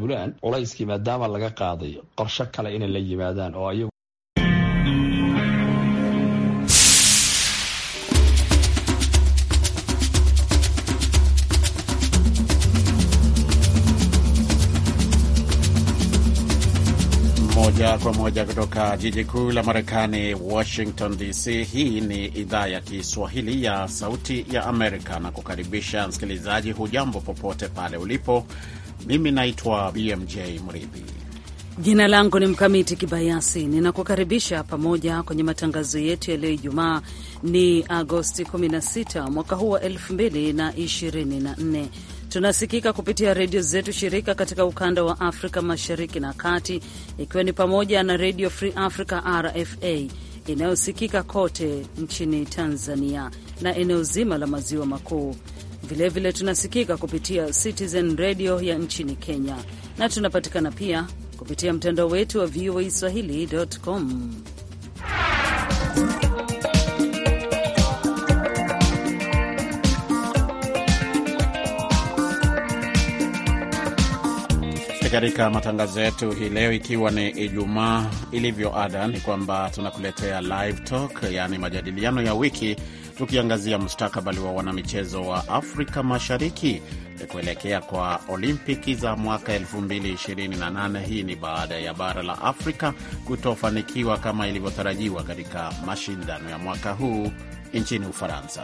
puntland culayskii maadaama laga qaaday qorsho kale inay la yimaadaan oo ayagu moja kwa moja kutoka jiji kuu la Marekani, Washington DC. Hii ni idhaa ya Kiswahili ya Sauti ya Amerika na kukaribisha msikilizaji, hujambo popote pale ulipo mimi naitwa BMJ Mridhi. Jina langu ni Mkamiti Kibayasi, ninakukaribisha pamoja kwenye matangazo yetu ya leo. Ijumaa ni Agosti 16 mwaka huu wa 2024. Tunasikika kupitia redio zetu shirika katika ukanda wa Afrika mashariki na kati, ikiwa ni pamoja na Redio Free Africa RFA inayosikika kote nchini Tanzania na eneo zima la maziwa makuu Vilevile vile tunasikika kupitia Citizen Radio ya nchini Kenya na tunapatikana pia kupitia mtandao wetu wa VOA Swahili.com. E, katika matangazo yetu hii leo, ikiwa ni Ijumaa, ilivyo ada, ni kwamba tunakuletea live talk, yaani majadiliano ya wiki tukiangazia mustakabali wa wanamichezo wa Afrika Mashariki kuelekea kwa Olimpiki za mwaka 2028. Hii ni baada ya bara la Afrika kutofanikiwa kama ilivyotarajiwa katika mashindano ya mwaka huu nchini Ufaransa.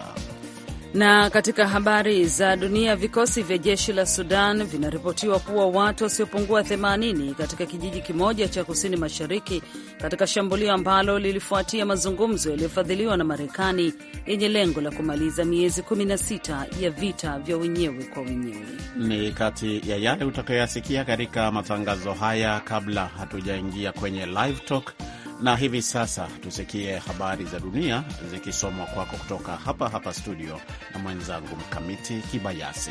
Na katika habari za dunia, vikosi vya jeshi la Sudan vinaripotiwa kuwa watu wasiopungua 80 katika kijiji kimoja cha kusini mashariki katika shambulio ambalo lilifuatia mazungumzo yaliyofadhiliwa na Marekani yenye lengo la kumaliza miezi 16 ya vita vya wenyewe kwa wenyewe. Ni kati ya yale utakayoyasikia katika matangazo haya, kabla hatujaingia kwenye live talk na hivi sasa tusikie habari za dunia zikisomwa kwako kutoka hapa hapa studio na mwenzangu Mkamiti Kibayasi.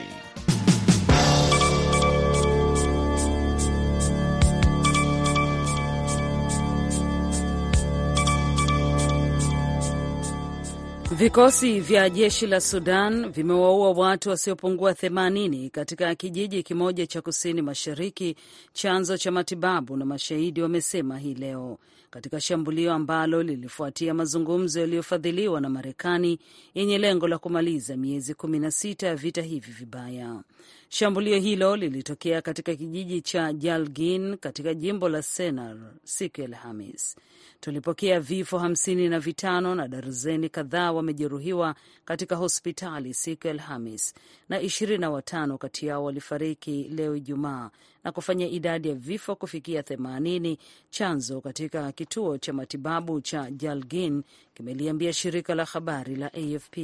Vikosi vya jeshi la Sudan vimewaua watu wasiopungua 80 katika kijiji kimoja cha kusini mashariki, chanzo cha matibabu na mashahidi wamesema hii leo, katika shambulio ambalo lilifuatia mazungumzo yaliyofadhiliwa na Marekani yenye lengo la kumaliza miezi 16 ya vita hivi vibaya. Shambulio hilo lilitokea katika kijiji cha Jalgin katika jimbo la senar siku ya Alhamis. Tulipokea vifo hamsini na vitano na darzeni kadhaa wamejeruhiwa katika hospitali siku ya Alhamis, na ishirini na watano kati yao walifariki leo Ijumaa na kufanya idadi ya vifo kufikia 80. Chanzo katika kituo cha matibabu cha Jalgin kimeliambia shirika la habari la AFP.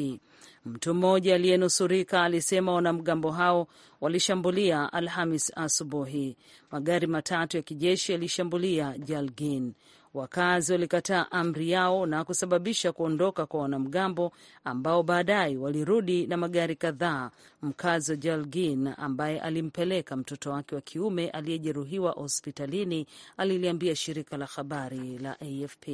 Mtu mmoja aliyenusurika alisema wanamgambo hao walishambulia Alhamis asubuhi. Magari matatu ya kijeshi yalishambulia Jalgin. Wakazi walikataa amri yao na kusababisha kuondoka kwa wanamgambo ambao baadaye walirudi na magari kadhaa. Mkazi wa Jalgin ambaye alimpeleka mtoto wake wa kiume aliyejeruhiwa hospitalini aliliambia shirika la habari la AFP.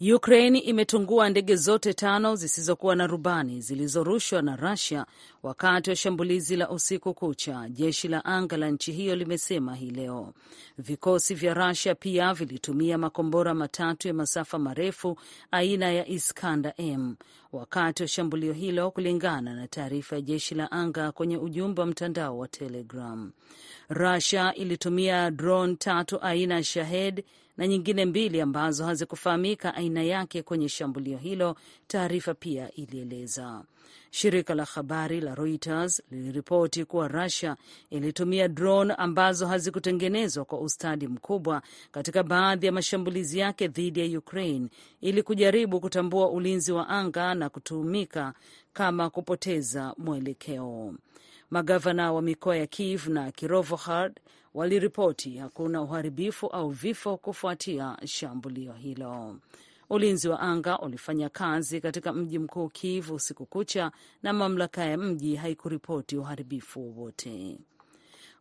Ukraine imetungua ndege zote tano zisizokuwa na rubani zilizorushwa na Russia wakati wa shambulizi la usiku kucha, jeshi la anga la nchi hiyo limesema hii leo. Vikosi vya Russia pia vilitumia makombora matatu ya masafa marefu aina ya Iskander M wakati wa shambulio hilo, kulingana na taarifa ya jeshi la anga kwenye ujumbe wa mtandao wa Telegram. Russia ilitumia drone tatu aina ya Shahed na nyingine mbili ambazo hazikufahamika aina yake kwenye shambulio hilo, taarifa pia ilieleza. Shirika la habari la Reuters liliripoti kuwa Russia ilitumia drone ambazo hazikutengenezwa kwa ustadi mkubwa katika baadhi ya mashambulizi yake dhidi ya Ukraine ili kujaribu kutambua ulinzi wa anga na kutumika kama kupoteza mwelekeo. Magavana wa mikoa ya Kiev na Kirovohrad waliripoti hakuna uharibifu au vifo kufuatia shambulio hilo. Ulinzi wa anga ulifanya kazi katika mji mkuu Kiev usiku kucha na mamlaka ya mji haikuripoti uharibifu wowote.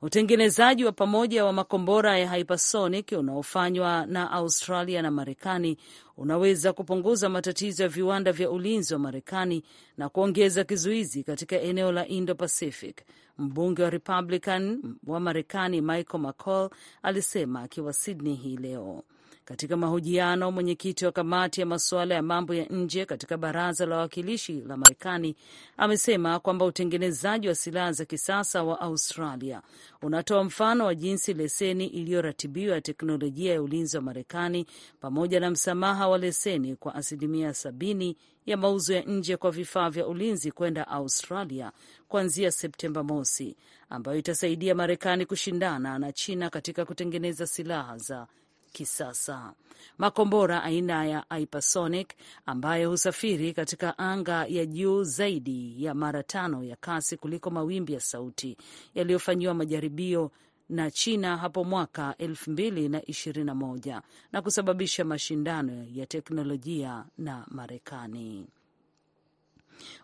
Utengenezaji wa pamoja wa makombora ya hypersonic unaofanywa na Australia na Marekani unaweza kupunguza matatizo ya viwanda vya ulinzi wa Marekani na kuongeza kizuizi katika eneo la Indo-Pacific, mbunge wa Republican wa Marekani Michael McCaul alisema akiwa Sydney hii leo. Katika mahojiano, mwenyekiti wa kamati ya masuala ya mambo ya nje katika baraza la wawakilishi la Marekani amesema kwamba utengenezaji wa silaha za kisasa wa Australia unatoa mfano wa jinsi leseni iliyoratibiwa ya teknolojia ya ulinzi wa Marekani pamoja na msamaha wa leseni kwa asilimia sabini ya mauzo ya nje kwa vifaa vya ulinzi kwenda Australia kuanzia Septemba mosi, ambayo itasaidia Marekani kushindana na China katika kutengeneza silaha za kisasa. Makombora aina ya hypersonic ambayo husafiri katika anga ya juu zaidi ya mara tano ya kasi kuliko mawimbi ya sauti yaliyofanyiwa majaribio na China hapo mwaka elfu mbili na ishirini na moja na kusababisha mashindano ya teknolojia na Marekani.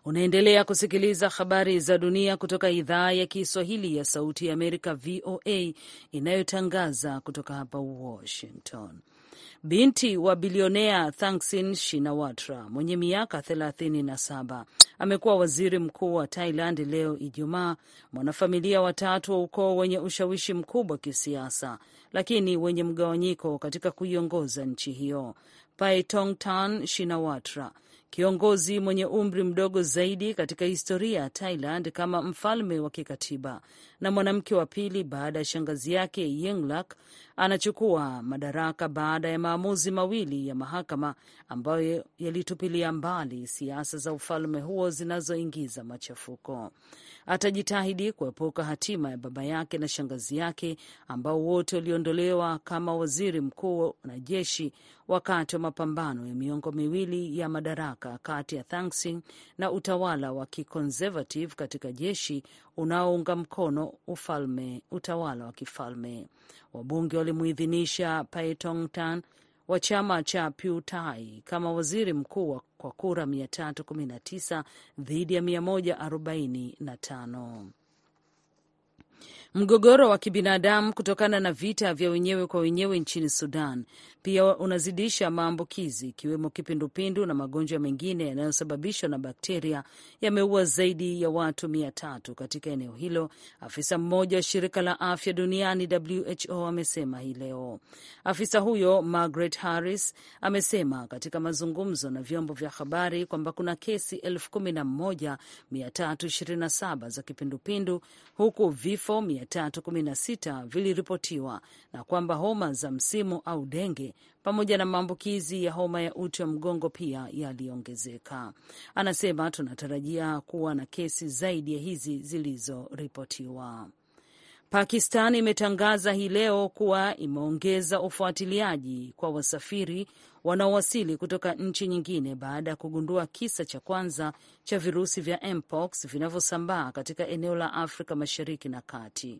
Unaendelea kusikiliza habari za dunia kutoka idhaa ya Kiswahili ya Sauti ya Amerika, VOA, inayotangaza kutoka hapa Washington. Binti wa bilionea Thaksin Shinawatra mwenye miaka 37 amekuwa waziri mkuu wa Thailand leo Ijumaa, mwanafamilia watatu wa ukoo wenye ushawishi mkubwa kisiasa, lakini wenye mgawanyiko katika kuiongoza nchi hiyo. Paetongtarn Shinawatra kiongozi mwenye umri mdogo zaidi katika historia ya Thailand kama mfalme wa kikatiba na mwanamke wa pili baada ya shangazi yake Yingluck, anachukua madaraka baada ya maamuzi mawili ya mahakama ambayo yalitupilia mbali siasa za ufalme huo zinazoingiza machafuko. Atajitahidi kuepuka hatima ya baba yake na shangazi yake ambao wote waliondolewa kama waziri mkuu na jeshi wakati wa mapambano ya miongo miwili ya madaraka kati ya Thaksin na utawala wa kiconservative katika jeshi unaounga mkono ufalme utawala wa kifalme. Wabunge walimuidhinisha Paetongtarn wa chama cha Putai kama waziri mkuu kwa kura 319 dhidi ya 145. Mgogoro wa kibinadamu kutokana na vita vya wenyewe kwa wenyewe nchini Sudan pia unazidisha maambukizi ikiwemo kipindupindu na magonjwa mengine yanayosababishwa na bakteria yameua zaidi ya watu mia tatu katika eneo hilo, afisa mmoja wa shirika la afya duniani WHO amesema hii leo. Afisa huyo Margaret Harris amesema katika mazungumzo na vyombo vya habari kwamba kuna kesi 11,327 za kipindupindu huku vifo mia 316 viliripotiwa na kwamba homa za msimu au denge pamoja na maambukizi ya homa ya uti wa mgongo pia yaliongezeka. Anasema tunatarajia kuwa na kesi zaidi ya hizi zilizoripotiwa. Pakistan imetangaza hii leo kuwa imeongeza ufuatiliaji kwa wasafiri wanaowasili kutoka nchi nyingine baada ya kugundua kisa cha kwanza cha virusi vya mpox vinavyosambaa katika eneo la Afrika Mashariki na Kati.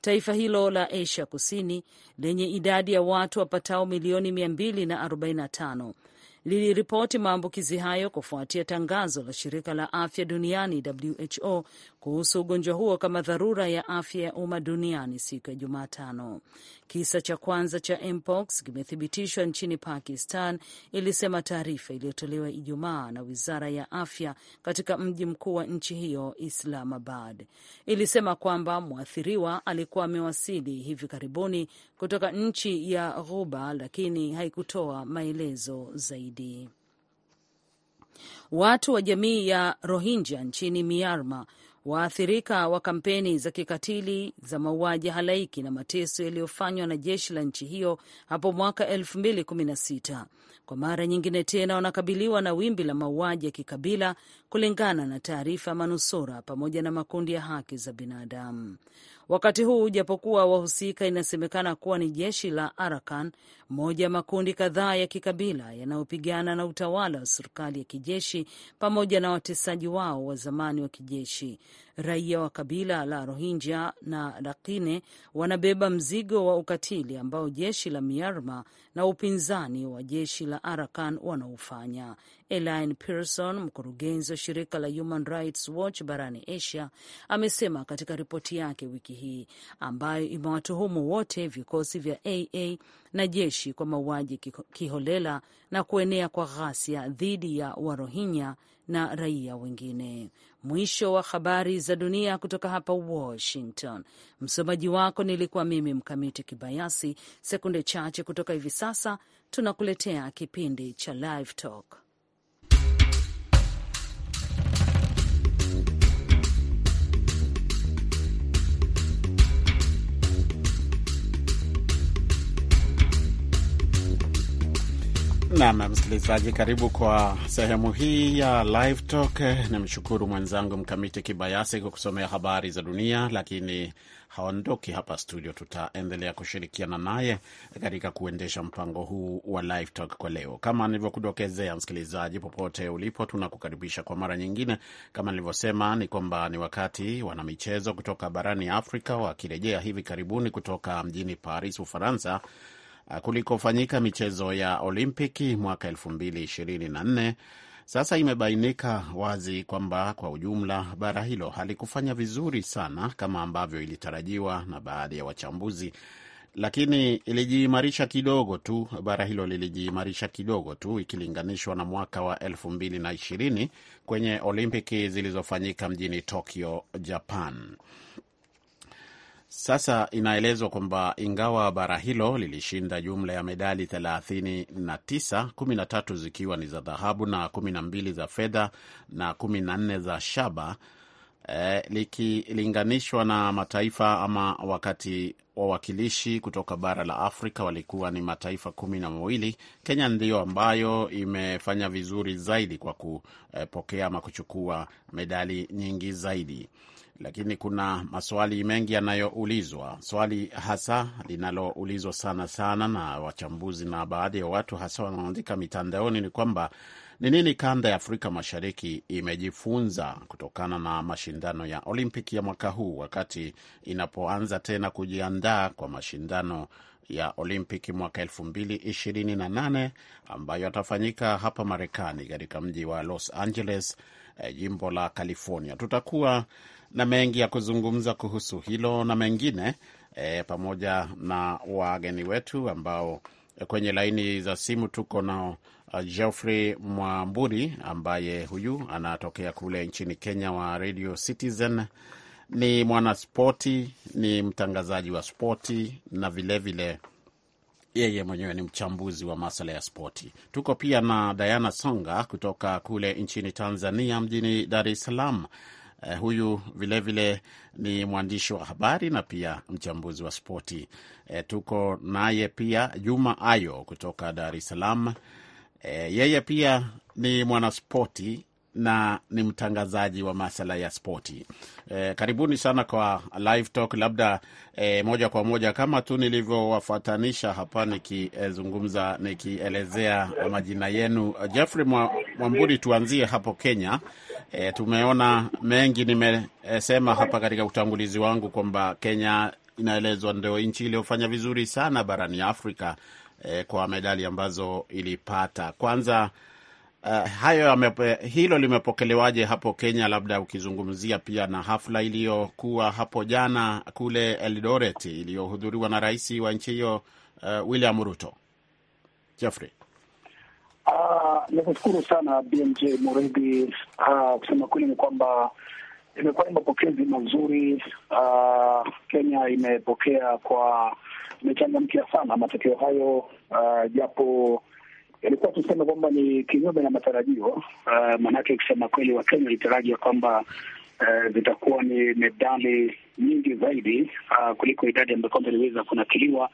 Taifa hilo la Asia Kusini lenye idadi ya watu wapatao milioni 245 liliripoti maambukizi hayo kufuatia tangazo la shirika la afya duniani WHO kuhusu ugonjwa huo kama dharura ya afya ya umma duniani siku ya Jumatano. Kisa cha kwanza cha mpox kimethibitishwa nchini Pakistan, ilisema taarifa iliyotolewa Ijumaa na wizara ya afya katika mji mkuu wa nchi hiyo Islamabad. Ilisema kwamba mwathiriwa alikuwa amewasili hivi karibuni kutoka nchi ya Ghuba, lakini haikutoa maelezo zaidi. Watu wa jamii ya Rohingya nchini Myanmar waathirika wa kampeni za kikatili za mauaji halaiki na mateso yaliyofanywa na jeshi la nchi hiyo hapo mwaka 2016 kwa mara nyingine tena wanakabiliwa na wimbi la mauaji ya kikabila, kulingana na taarifa ya manusura pamoja na makundi ya haki za binadamu. Wakati huu japokuwa wahusika inasemekana kuwa ni jeshi la Arakan, moja ya makundi kadhaa ya kikabila yanayopigana na utawala wa serikali ya kijeshi pamoja na watesaji wao wa zamani wa kijeshi raia wa kabila la Rohingya na Rakhine wanabeba mzigo wa ukatili ambao jeshi la Myanmar na upinzani wa jeshi la Arakan wanaofanya. Elaine Pearson, mkurugenzi wa shirika la Human Rights Watch barani Asia, amesema katika ripoti yake wiki hii ambayo imewatuhumu wote vikosi vya AA na jeshi kwa mauaji kiholela na kuenea kwa ghasia dhidi ya Warohinya na raia wengine. Mwisho wa habari za dunia kutoka hapa Washington. Msomaji wako nilikuwa mimi Mkamiti Kibayasi. Sekunde chache kutoka hivi sasa tunakuletea kipindi cha Live Talk. Nam msikilizaji, karibu kwa sehemu hii ya Live Talk. Namshukuru mwenzangu Mkamiti Kibayasi kwa kusomea habari za dunia, lakini haondoki hapa studio. Tutaendelea kushirikiana naye katika kuendesha mpango huu wa Live Talk kwa leo. Kama nilivyokudokezea, msikilizaji, popote ulipo, tunakukaribisha kwa mara nyingine. Kama nilivyosema, ni kwamba ni wakati wanamichezo kutoka barani Afrika wakirejea hivi karibuni kutoka mjini Paris, Ufaransa kulikofanyika michezo ya Olimpiki mwaka 2024. Sasa imebainika wazi kwamba kwa ujumla bara hilo halikufanya vizuri sana kama ambavyo ilitarajiwa na baadhi ya wachambuzi, lakini ilijiimarisha kidogo tu. Bara hilo lilijiimarisha kidogo tu ikilinganishwa na mwaka wa 2020 kwenye Olimpiki zilizofanyika mjini Tokyo, Japan. Sasa inaelezwa kwamba ingawa bara hilo lilishinda jumla ya medali 39, 13 zikiwa ni za dhahabu na 12 za fedha na 14 za shaba eh, likilinganishwa na mataifa ama wakati wawakilishi kutoka bara la Afrika walikuwa ni mataifa kumi na mawili. Kenya ndiyo ambayo imefanya vizuri zaidi kwa kupokea eh, ama kuchukua medali nyingi zaidi lakini kuna maswali mengi yanayoulizwa. Swali hasa linaloulizwa sana sana na wachambuzi na baadhi ya watu hasa wanaoandika mitandaoni ni kwamba ni nini kanda ya Afrika Mashariki imejifunza kutokana na mashindano ya Olimpiki ya mwaka huu, wakati inapoanza tena kujiandaa kwa mashindano ya Olimpiki mwaka elfu mbili ishirini na nane ambayo yatafanyika hapa Marekani katika mji wa Los Angeles, eh, jimbo la California. Tutakuwa na mengi ya kuzungumza kuhusu hilo na mengine e, pamoja na wageni wetu ambao e, kwenye laini za simu tuko nao uh, Geoffrey Mwamburi ambaye huyu anatokea kule nchini Kenya wa Radio Citizen. Ni mwanaspoti, ni mtangazaji wa spoti na vilevile vile yeye mwenyewe ni mchambuzi wa masuala ya spoti. Tuko pia na Diana Songa kutoka kule nchini Tanzania, mjini Dar es Salaam, Eh, huyu vilevile vile ni mwandishi wa habari na pia mchambuzi wa spoti. Eh, tuko naye pia Juma Ayo kutoka Dar es Salaam. Eh, yeye pia ni mwanaspoti na ni mtangazaji wa masala ya spoti. E, karibuni sana kwa live talk. Labda e, moja kwa moja kama tu nilivyowafatanisha hapa nikizungumza nikielezea majina yenu. Jeffrey Mwamburi, tuanzie hapo Kenya. E, tumeona mengi. Nimesema hapa katika utangulizi wangu kwamba Kenya inaelezwa ndio nchi iliyofanya vizuri sana barani Afrika e, kwa medali ambazo ilipata. Kwanza uh, hayo yamepe, hilo limepokelewaje hapo Kenya, labda ukizungumzia pia na hafla iliyokuwa hapo jana kule Eldoret iliyohudhuriwa na rais wa nchi hiyo uh, William Ruto. Jeffrey Ah, nakushukuru sana BMJ Muridhi. Ah, kusema kweli ni kwamba imekuwa ni mapokezi mazuri. Uh, Kenya imepokea kwa, imechangamkia sana matokeo hayo, uh, japo ilikuwa tuseme kwamba ni kinyume na matarajio uh, maanake kusema kweli Wakenya walitarajia ya kwamba uh, zitakuwa ni medali nyingi zaidi uh, kuliko idadi ambayo kwamba iliweza kunakiliwa.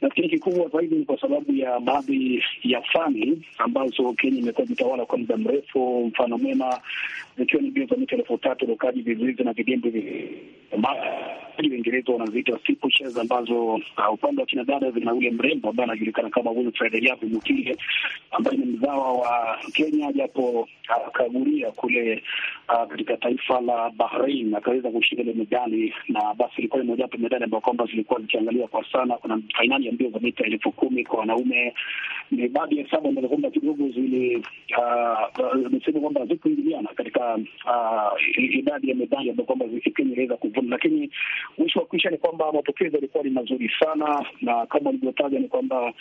Lakini kikubwa zaidi ni kwa sababu ya baadhi ya fani ambazo Kenya imekuwa ikitawala kwa muda mrefu, mfano mwema zikiwa ni mbio za mita elfu tatu rokaji vizuizi na vidimbwi vili Uingereza wanaziita steeplechase ambazo uh, upande wa kinadada zina ule mrembo ambaye anajulikana kama Wilfred Eliabu Mukile ambaye ni mzawa wa Kenya, japo akaguria kule uh, katika taifa la Bahrain akaweza kushinda ile medali, na basi ilikuwa ni mojawapo medali ambayo kwamba zilikuwa zikiangalia kwa sana. Kuna fainali ya mbio za mita elfu kumi kwa wanaume, ni baadhi ya hesabu ambazo kwamba kidogo zili niseme uh, kwamba zikuingiliana katika Um, uh, idadi ya medali ambayo kwamba timu iliweza kuvuna, lakini mwisho wa kuisha ni kwamba mapokezi yalikuwa ni mazuri sana, na kama ulivyotaja ni kwamba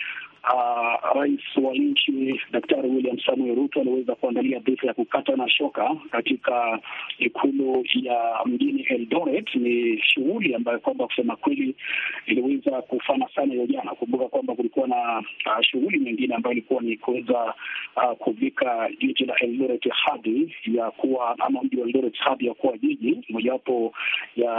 Uh, rais wa nchi Daktari William Samuel Ruto aliweza kuandalia dhifa ya kukata na shoka katika ikulu ya mjini Eldoret. Ni shughuli ambayo kwamba kusema kweli kuweza kufana sana hiyo jana. Kumbuka kwamba kulikuwa na uh, shughuli nyingine ambayo ilikuwa ni kuweza uh, kuvika jiji la Eldoret hadi ya kuwa ama mji wa Eldoret hadi ya kuwa jiji mojawapo ya,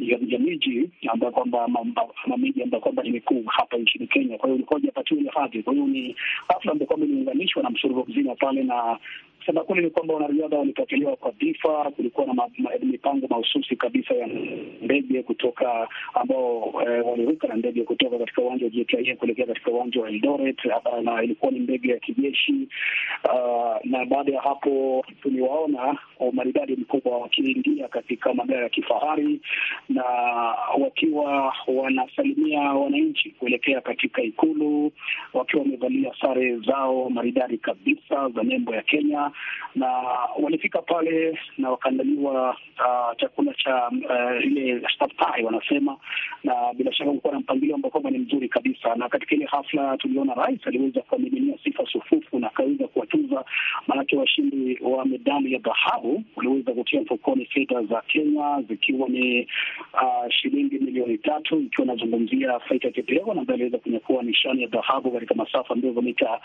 ya, ya miji ambayo kwamba ama miji ambayo kwamba ni mikuu hapa nchini Kenya. Kwa hiyo ilikuwa japatiwa ile hadhi, kwa hiyo ni hafla ambayo kwamba iliunganishwa na msururu mzima pale na Sema kumi ni kwamba wanariadha walipokelewa kwa difa Kulikuwa na mipango mahususi kabisa ya ndege kutoka ambao eh, waliruka na ndege kutoka katika uwanja wa JKIA kuelekea katika uwanja wa Eldoret, na ilikuwa ni ndege ya kijeshi uh, na baada ya hapo tuliwaona umaridadi mkubwa wakiingia katika magari ya kifahari na wakiwa wanasalimia wananchi kuelekea katika Ikulu wakiwa wamevalia sare zao maridadi kabisa za nembo ya Kenya na walifika pale na wakaandaliwa uh, chakula cha uh, ile staftahi wanasema, na bila shaka kulikuwa na mpangilio ambao kwamba ni mzuri kabisa. Na katika ile hafla tuliona rais aliweza kuwamiminia sifa sufufu na akaweza kuwatuza, maanake washindi wa medali ya dhahabu waliweza kutia mfukoni fedha za Kenya zikiwa ni uh, shilingi milioni tatu, ikiwa nazungumzia Faith Kipyegon ambaye aliweza kunyakua nishani ya dhahabu katika masafa mbio za mita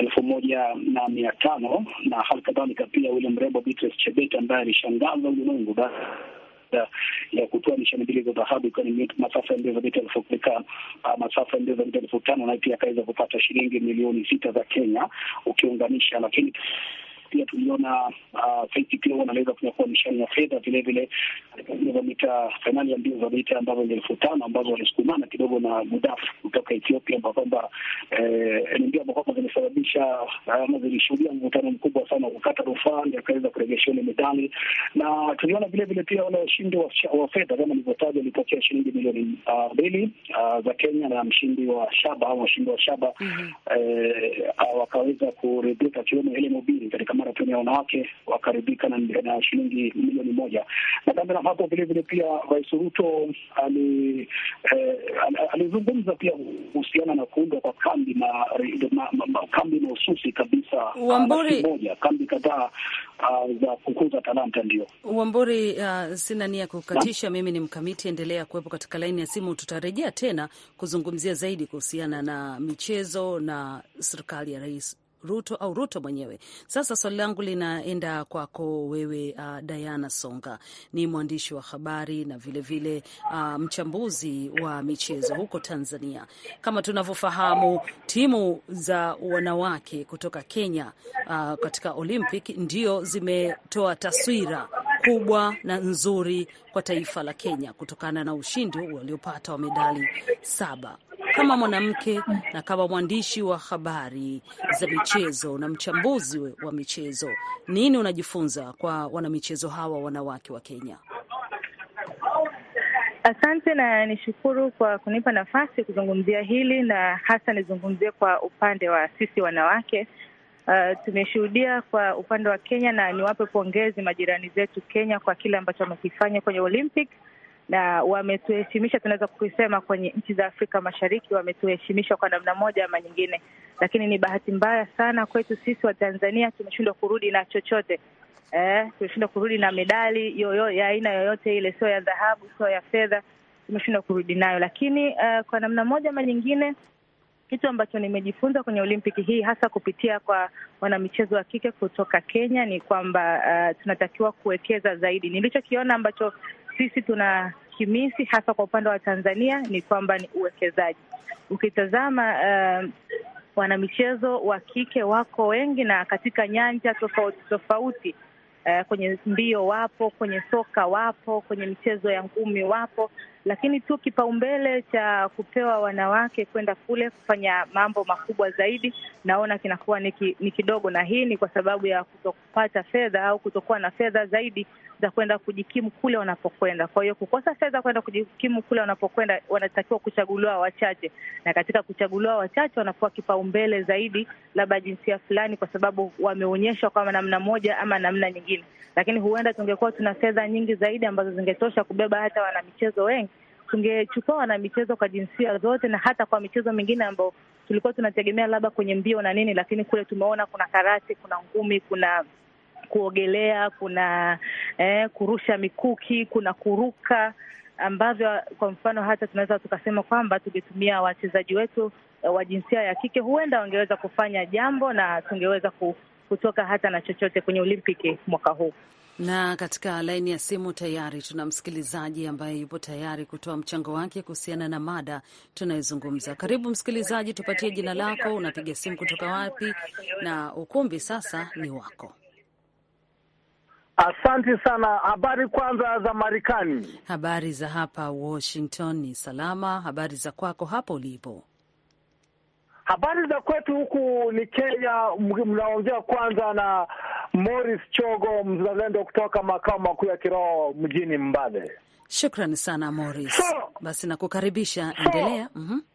elfu moja na mia tano na halikadhalika pia ule mrembo Beatrice Chebet ambaye alishangaza ulimwengu baada ya kutoa nishani mbili za dhahabu ikiwa ni masafa ya mbio za mita elfu kika ah, masafa ya mbio za mita elfu tano naye pia akaweza kupata shilingi milioni sita za Kenya ukiunganisha, lakini pia tuliona uh, wanaweza kunyakua nishani ya fedha vilevile za mita, fainali ya mbio za mita ambazo ni elfu tano ambazo walisukumana kidogo na Gudaf kutoka Ethiopia, ambao kwamba eh, ni mbio ambao kwamba zimesababisha eh, ama zilishuhudia mvutano mkubwa sana wa kukata rufaa, ndio akaweza kuregesha ile medali. Na tuliona vilevile pia wale washindi wa fedha kama nilivyotaja, walipokea shilingi milioni uh, mbili uh, za Kenya na mshindi wa shaba au washindi wa shaba mhm. eh, uh, wakaweza kuridhika, akiwemo Helen Obiri katika marathoni ya wanawake wakaribika na na shilingi milioni moja. Na kando na hapo, vilevile pia Rais Ruto ali eh, alizungumza pia kuhusiana na kuundwa kwa kambi na kambi mahususi kabisa ah, moja, kambi kadhaa uh, za kukuza talanta. Ndio Wamburi, uh, sina nia kukatisha na. Mimi ni mkamiti, endelea kuwepo katika laini ya simu, tutarejea tena kuzungumzia zaidi kuhusiana na michezo na serikali ya Rais Ruto au Ruto mwenyewe. Sasa swali langu linaenda kwako wewe, uh, Diana Songa, ni mwandishi wa habari na vilevile vile, uh, mchambuzi wa michezo huko Tanzania. Kama tunavyofahamu, timu za wanawake kutoka Kenya uh, katika Olympic ndio zimetoa taswira kubwa na nzuri kwa taifa la Kenya kutokana na ushindi waliopata wa medali saba kama mwanamke na kama mwandishi wa habari za michezo na mchambuzi wa michezo, nini unajifunza kwa wanamichezo hawa wanawake wa Kenya? Asante na nishukuru kwa kunipa nafasi kuzungumzia hili na hasa nizungumzie kwa upande wa sisi wanawake. Uh, tumeshuhudia kwa upande wa Kenya na niwape pongezi majirani zetu Kenya kwa kile ambacho wamekifanya kwenye Olympics na wametuheshimisha, tunaweza kusema kwenye nchi za Afrika Mashariki wametuheshimisha kwa namna moja ama nyingine, lakini ni bahati mbaya sana kwetu sisi wa Tanzania, tumeshindwa kurudi na chochote eh, tumeshindwa kurudi na medali yoyo, ya aina yoyote ile, sio ya dhahabu, sio ya fedha, tumeshindwa kurudi nayo. Lakini uh, kwa namna moja ama nyingine kitu ambacho nimejifunza kwenye Olimpiki hii hasa kupitia kwa wanamichezo wa kike kutoka Kenya ni kwamba uh, tunatakiwa kuwekeza zaidi. Nilichokiona ambacho sisi tuna kimisi hasa kwa upande wa Tanzania ni kwamba ni uwekezaji. Ukitazama uh, wanamichezo wa kike wako wengi na katika nyanja tofauti tofauti. Uh, kwenye mbio wapo, kwenye soka wapo, kwenye michezo ya ngumi wapo, lakini tu kipaumbele cha kupewa wanawake kwenda kule kufanya mambo makubwa zaidi naona kinakuwa ni kidogo, na hii ni kwa sababu ya kutopata fedha au kutokuwa na fedha zaidi za kwenda kujikimu kule wanapokwenda. Kwa hiyo kukosa fedha kwenda kujikimu kule wanapokwenda, wanatakiwa kuchaguliwa wachache, na katika kuchaguliwa wachache wanapewa kipaumbele zaidi, labda jinsia fulani, kwa sababu wameonyeshwa kwa namna moja ama namna nyingine. Lakini huenda tungekuwa tuna fedha nyingi zaidi ambazo zingetosha kubeba hata wanamichezo wengi tungechukua wanamichezo kwa jinsia zote na hata kwa michezo mingine ambayo tulikuwa tunategemea labda kwenye mbio na nini, lakini kule tumeona kuna karate, kuna ngumi, kuna kuogelea, kuna eh, kurusha mikuki, kuna kuruka ambavyo kwa mfano hata tunaweza tukasema kwamba tungetumia wachezaji wetu eh, wa jinsia ya kike, huenda wangeweza kufanya jambo na tungeweza kutoka hata na chochote kwenye Olimpiki mwaka huu. Na katika laini ya simu tayari tuna msikilizaji ambaye yupo tayari kutoa mchango wake kuhusiana na mada tunayozungumza. Karibu msikilizaji, tupatie jina lako, unapiga simu kutoka wapi, na ukumbi sasa ni wako. Asante sana. Habari kwanza za Marekani. Habari za hapa Washington ni salama. Habari za kwako hapo ulipo? Habari za kwetu huku ni Kenya. Mnaongea kwanza na Morris Chogo, mzalendo kutoka makao makuu ya kiroho mjini Mbale. Shukrani sana Morris. So, basi nakukaribisha, endelea. so, mm -hmm.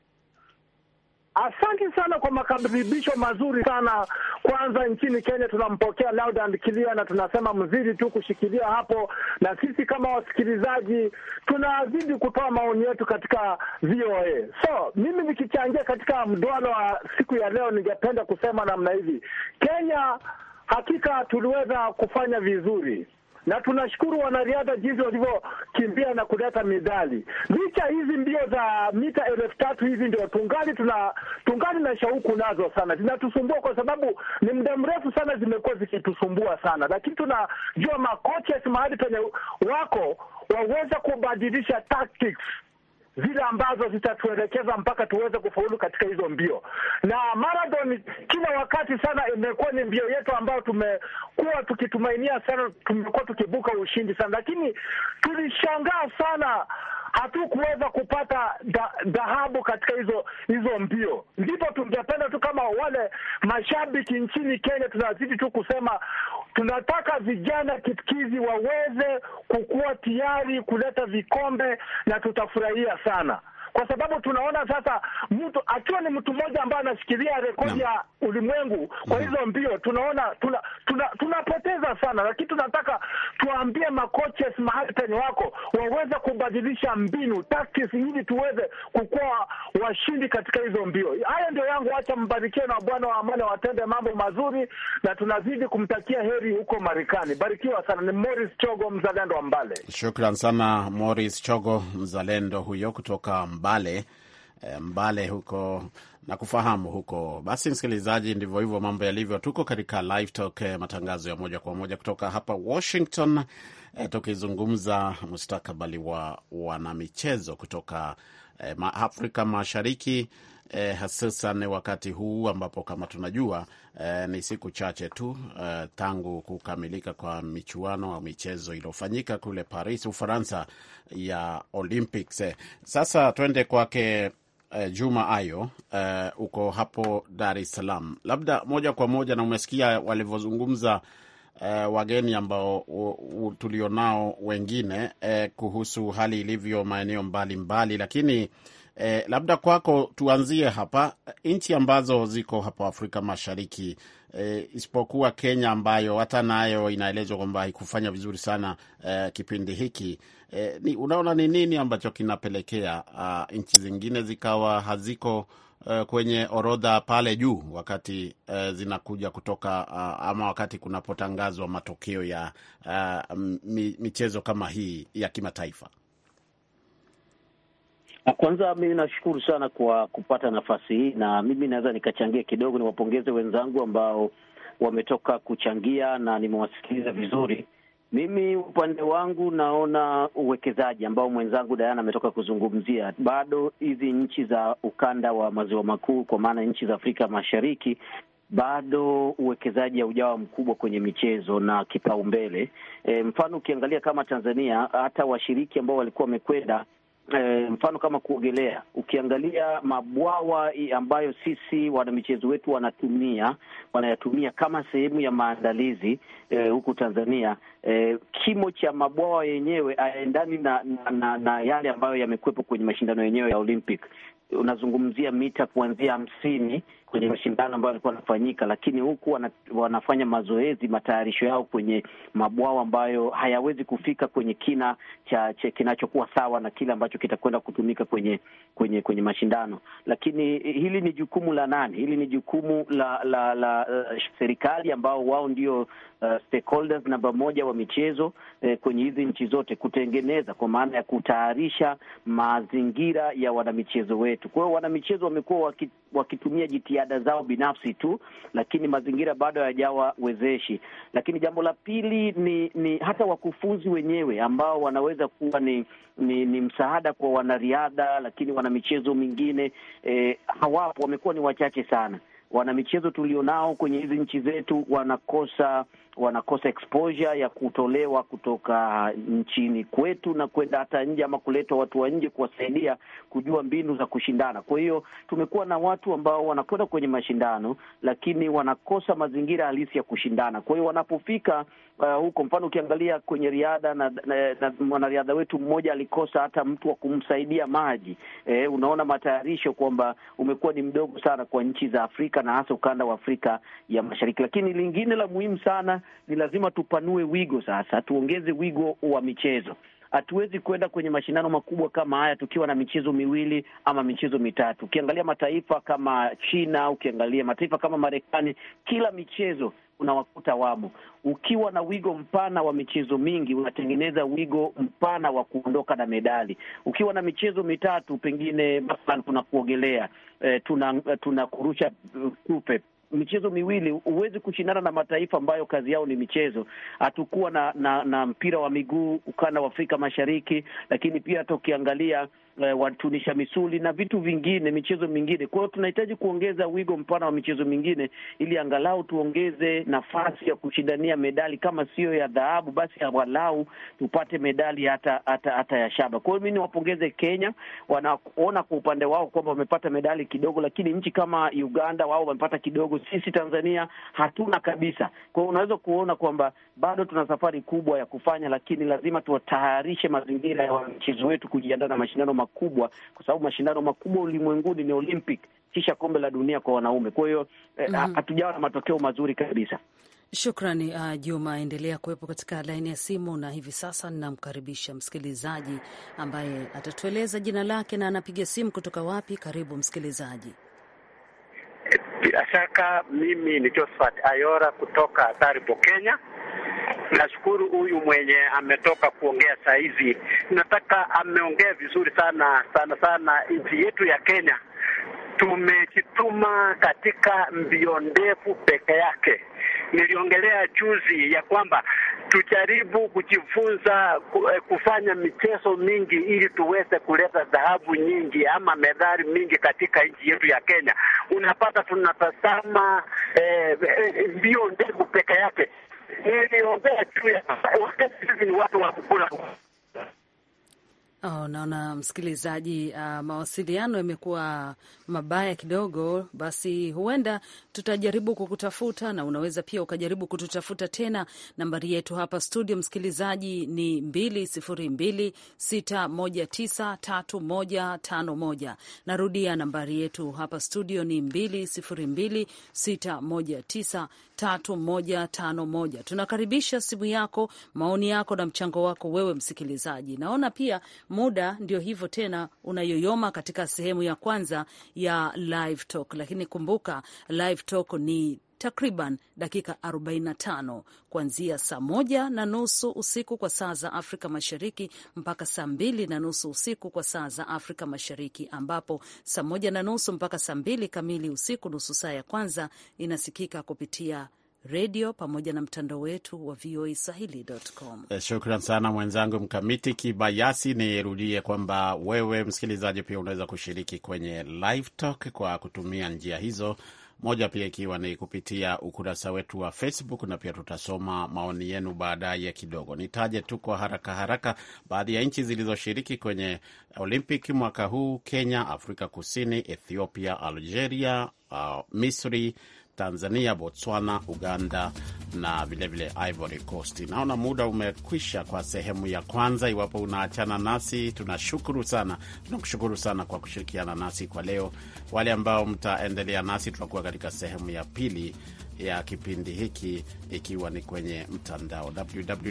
Asante sana kwa makaribisho mazuri sana. Kwanza nchini Kenya tunampokea Laudand na tunasema mzidi tu kushikilia hapo, na sisi kama wasikilizaji tunazidi kutoa maoni yetu katika VOA. So mimi nikichangia katika mdwalo wa siku ya leo, ningependa kusema namna hivi: Kenya hakika tuliweza kufanya vizuri na tunashukuru wanariadha jinsi walivyokimbia na kuleta midali Licha hizi mbio za mita elfu tatu hizi ndio tungali tuna tungali na shauku nazo sana, zinatusumbua kwa sababu ni muda mrefu sana zimekuwa zikitusumbua sana, lakini tunajua makocha mahali penye wako waweza kubadilisha tactics zile ambazo zitatuelekeza mpaka tuweze kufaulu katika hizo mbio. Na marathon kila wakati sana imekuwa ni mbio yetu ambayo tumekuwa tukitumainia sana, tumekuwa tukibuka ushindi sana, lakini tulishangaa sana hatukuweza kupata dhahabu da, katika hizo hizo mbio. Ndipo tungependa tu kama wale mashabiki nchini Kenya tunazidi tu kusema Tunataka vijana kitikizi waweze kukuwa tayari kuleta vikombe na tutafurahia sana kwa sababu tunaona sasa mtu akiwa ni mtu mmoja ambaye anashikilia rekodi ya ulimwengu kwa mhm. hizo mbio, tunaona tunapoteza tuna, tuna sana, lakini tunataka tuambie makoches mahali peni wako waweze kubadilisha mbinu tactics, ili tuweze kukuwa washindi katika hizo mbio. Haya ndio yangu, wacha mbarikiwe na Bwana wa amani watende mambo mazuri, na tunazidi kumtakia heri huko Marekani. Barikiwa sana. Ni Morris Chogo, mzalendo wa Mbale. Shukran sana Morris Chogo, mzalendo huyo kutoka Mbale eh, Mbale huko na kufahamu huko. Basi msikilizaji, ndivyo hivyo mambo yalivyo. Tuko katika live talk, eh, matangazo ya moja kwa moja kutoka hapa Washington, eh, tukizungumza mustakabali wa wanamichezo kutoka Afrika Mashariki eh, hususan wakati huu ambapo kama tunajua eh, ni siku chache tu eh, tangu kukamilika kwa michuano au michezo iliyofanyika kule Paris, Ufaransa ya Olympics. Eh, sasa tuende kwake eh, Juma Ayo eh, uko hapo Dar es Salaam, labda moja kwa moja, na umesikia walivyozungumza eh, wageni ambao tulionao wengine eh, kuhusu hali ilivyo maeneo mbalimbali lakini eh, labda kwako tuanzie hapa nchi ambazo ziko hapo Afrika Mashariki eh, isipokuwa Kenya ambayo hata nayo inaelezwa kwamba haikufanya vizuri sana eh, kipindi hiki eh, ni, unaona ni nini ambacho kinapelekea ah, nchi zingine zikawa haziko uh, kwenye orodha pale juu wakati uh, zinakuja kutoka uh, ama wakati kunapotangazwa matokeo ya uh, michezo kama hii ya kimataifa? Kwanza mimi nashukuru sana kwa kupata nafasi hii, na mimi naweza nikachangia kidogo, niwapongeze wenzangu ambao wametoka kuchangia na nimewasikiliza vizuri. Mimi upande wangu naona uwekezaji ambao mwenzangu Dayana ametoka kuzungumzia, bado hizi nchi za ukanda wa maziwa makuu, kwa maana nchi za Afrika Mashariki, bado uwekezaji haujawa mkubwa kwenye michezo na kipaumbele. E, mfano ukiangalia kama Tanzania, hata washiriki ambao walikuwa wamekwenda E, mfano kama kuogelea, ukiangalia mabwawa ambayo sisi wanamichezo wetu wanatumia wanayatumia kama sehemu ya maandalizi e, huku Tanzania e, kimo cha mabwawa yenyewe aendani na, na, na, na yale ambayo yamekwepo kwenye mashindano yenyewe ya Olympic unazungumzia mita kuanzia hamsini kwenye mashindano ambayo yalikuwa anafanyika, lakini huku wanafanya mazoezi matayarisho yao kwenye mabwawa ambayo hayawezi kufika kwenye kina cha, cha kinachokuwa sawa na kile ambacho kitakwenda kutumika kwenye kwenye kwenye mashindano. Lakini hili ni jukumu la nani? Hili ni jukumu la la, la, la eh, serikali ambao wao ndio uh, stakeholders namba moja wa michezo eh, kwenye hizi nchi zote, kutengeneza kwa maana ya kutayarisha mazingira ya wanamichezo wetu yetu. Kwa hiyo wanamichezo wamekuwa wakitumia jitihada zao binafsi tu, lakini mazingira bado hayajawa wezeshi. Lakini jambo la pili ni, ni hata wakufunzi wenyewe ambao wanaweza kuwa ni, ni, ni msaada kwa wanariadha, lakini wanamichezo mingine eh, hawapo, wamekuwa ni wachache sana. Wanamichezo tulionao kwenye hizi nchi zetu wanakosa wanakosa exposure ya kutolewa kutoka nchini kwetu na kwenda hata nje, ama kuletwa watu wa nje kuwasaidia kujua mbinu za kushindana. Kwa hiyo tumekuwa na watu ambao wanakwenda kwenye mashindano, lakini wanakosa mazingira halisi ya kushindana. Kwa hiyo wanapofika uh, huko, mfano ukiangalia kwenye riadha na, na, na mwanariadha wetu mmoja alikosa hata mtu wa kumsaidia maji. Eh, unaona matayarisho kwamba umekuwa ni mdogo sana kwa nchi za Afrika na hasa ukanda wa Afrika ya Mashariki. Lakini lingine la muhimu sana ni lazima tupanue wigo sasa, tuongeze wigo wa michezo. Hatuwezi kwenda kwenye mashindano makubwa kama haya tukiwa na michezo miwili ama michezo mitatu. Ukiangalia mataifa kama China, ukiangalia mataifa kama Marekani, kila michezo unawakuta wamo. Ukiwa na wigo mpana wa michezo mingi, unatengeneza wigo mpana wa kuondoka na medali. Ukiwa na michezo mitatu, pengine kuna kuogelea eh, tuna, eh, tuna kurusha eh, kupe michezo miwili, huwezi kushindana na mataifa ambayo kazi yao ni michezo. Hatukuwa na, na, na mpira wa miguu ukanda wa Afrika Mashariki, lakini pia hata ukiangalia eh, watunisha misuli na vitu vingine, michezo mingine. Kwa hiyo tunahitaji kuongeza wigo mpana wa michezo mingine, ili angalau tuongeze nafasi ya kushindania medali, kama siyo ya dhahabu, basi angalau tupate medali hata hata hata ya shaba. Kwa hiyo mi niwapongeze Kenya, wanaona kwa upande wao kwamba wamepata medali kidogo, lakini nchi kama Uganda wao wamepata kidogo, sisi Tanzania hatuna kabisa. Kwa hiyo unaweza kuona kwamba bado tuna safari kubwa ya kufanya, lakini lazima tuwatayarishe mazingira ya wanamichezo wetu kujiandaa na mashindano makubwa, kwa sababu mashindano makubwa ulimwenguni ni Olympic, kisha kombe la dunia kwa wanaume. Kwa hiyo eh, mhm. hatujawa -hmm. na matokeo mazuri kabisa. Shukrani uh, Juma, endelea kuwepo katika laini ya simu, na hivi sasa ninamkaribisha msikilizaji ambaye atatueleza jina lake na anapiga simu kutoka wapi. Karibu msikilizaji. Bila shaka mimi ni Josephat Ayora kutoka Taribo, Kenya. Nashukuru huyu mwenye ametoka kuongea saa hizi, nataka ameongea vizuri sana sana sana. Nchi yetu ya Kenya tumejituma katika mbio ndefu peke yake. Niliongelea juzi ya kwamba tujaribu kujifunza eh, kufanya michezo mingi ili tuweze kuleta dhahabu nyingi ama medali mingi katika nchi yetu ya Kenya. Unapata tunatazama eh, eh mbio ndefu peke yake niliombea juu ya wakati sisi watu wa kukula Oh, naona msikilizaji, uh, mawasiliano yamekuwa mabaya kidogo, basi huenda tutajaribu kukutafuta na unaweza pia ukajaribu kututafuta tena. Nambari yetu hapa studio, msikilizaji, ni 2026193151. Narudia, nambari yetu hapa studio ni 2026193151. Tunakaribisha simu yako, maoni yako na mchango wako wewe msikilizaji. Naona pia muda ndio hivyo tena unayoyoma katika sehemu ya kwanza ya live talk, lakini kumbuka live talk ni takriban dakika 45 kuanzia saa moja na nusu usiku kwa saa za Afrika Mashariki mpaka saa mbili na nusu usiku kwa saa za Afrika Mashariki, ambapo saa moja na nusu mpaka saa mbili kamili usiku, nusu saa ya kwanza inasikika kupitia redio pamoja na mtandao wetu wa VOA Swahili.com. Eh, shukran sana mwenzangu Mkamiti Kibayasi. Nirudie kwamba wewe msikilizaji pia unaweza kushiriki kwenye live talk kwa kutumia njia hizo moja pia ikiwa ni kupitia ukurasa wetu wa Facebook na pia tutasoma maoni yenu baadaye kidogo. Nitaje tu kwa haraka haraka baadhi ya nchi zilizoshiriki kwenye Olympic mwaka huu: Kenya, Afrika Kusini, Ethiopia, Algeria, uh, Misri, Tanzania, Botswana, Uganda na vilevile Ivory Coast. Naona muda umekwisha kwa sehemu ya kwanza. Iwapo unaachana nasi, tunashukuru sana, tunakushukuru sana kwa kushirikiana nasi kwa leo. Wale ambao mtaendelea nasi, tutakuwa katika sehemu ya pili ya kipindi hiki ikiwa ni kwenye mtandao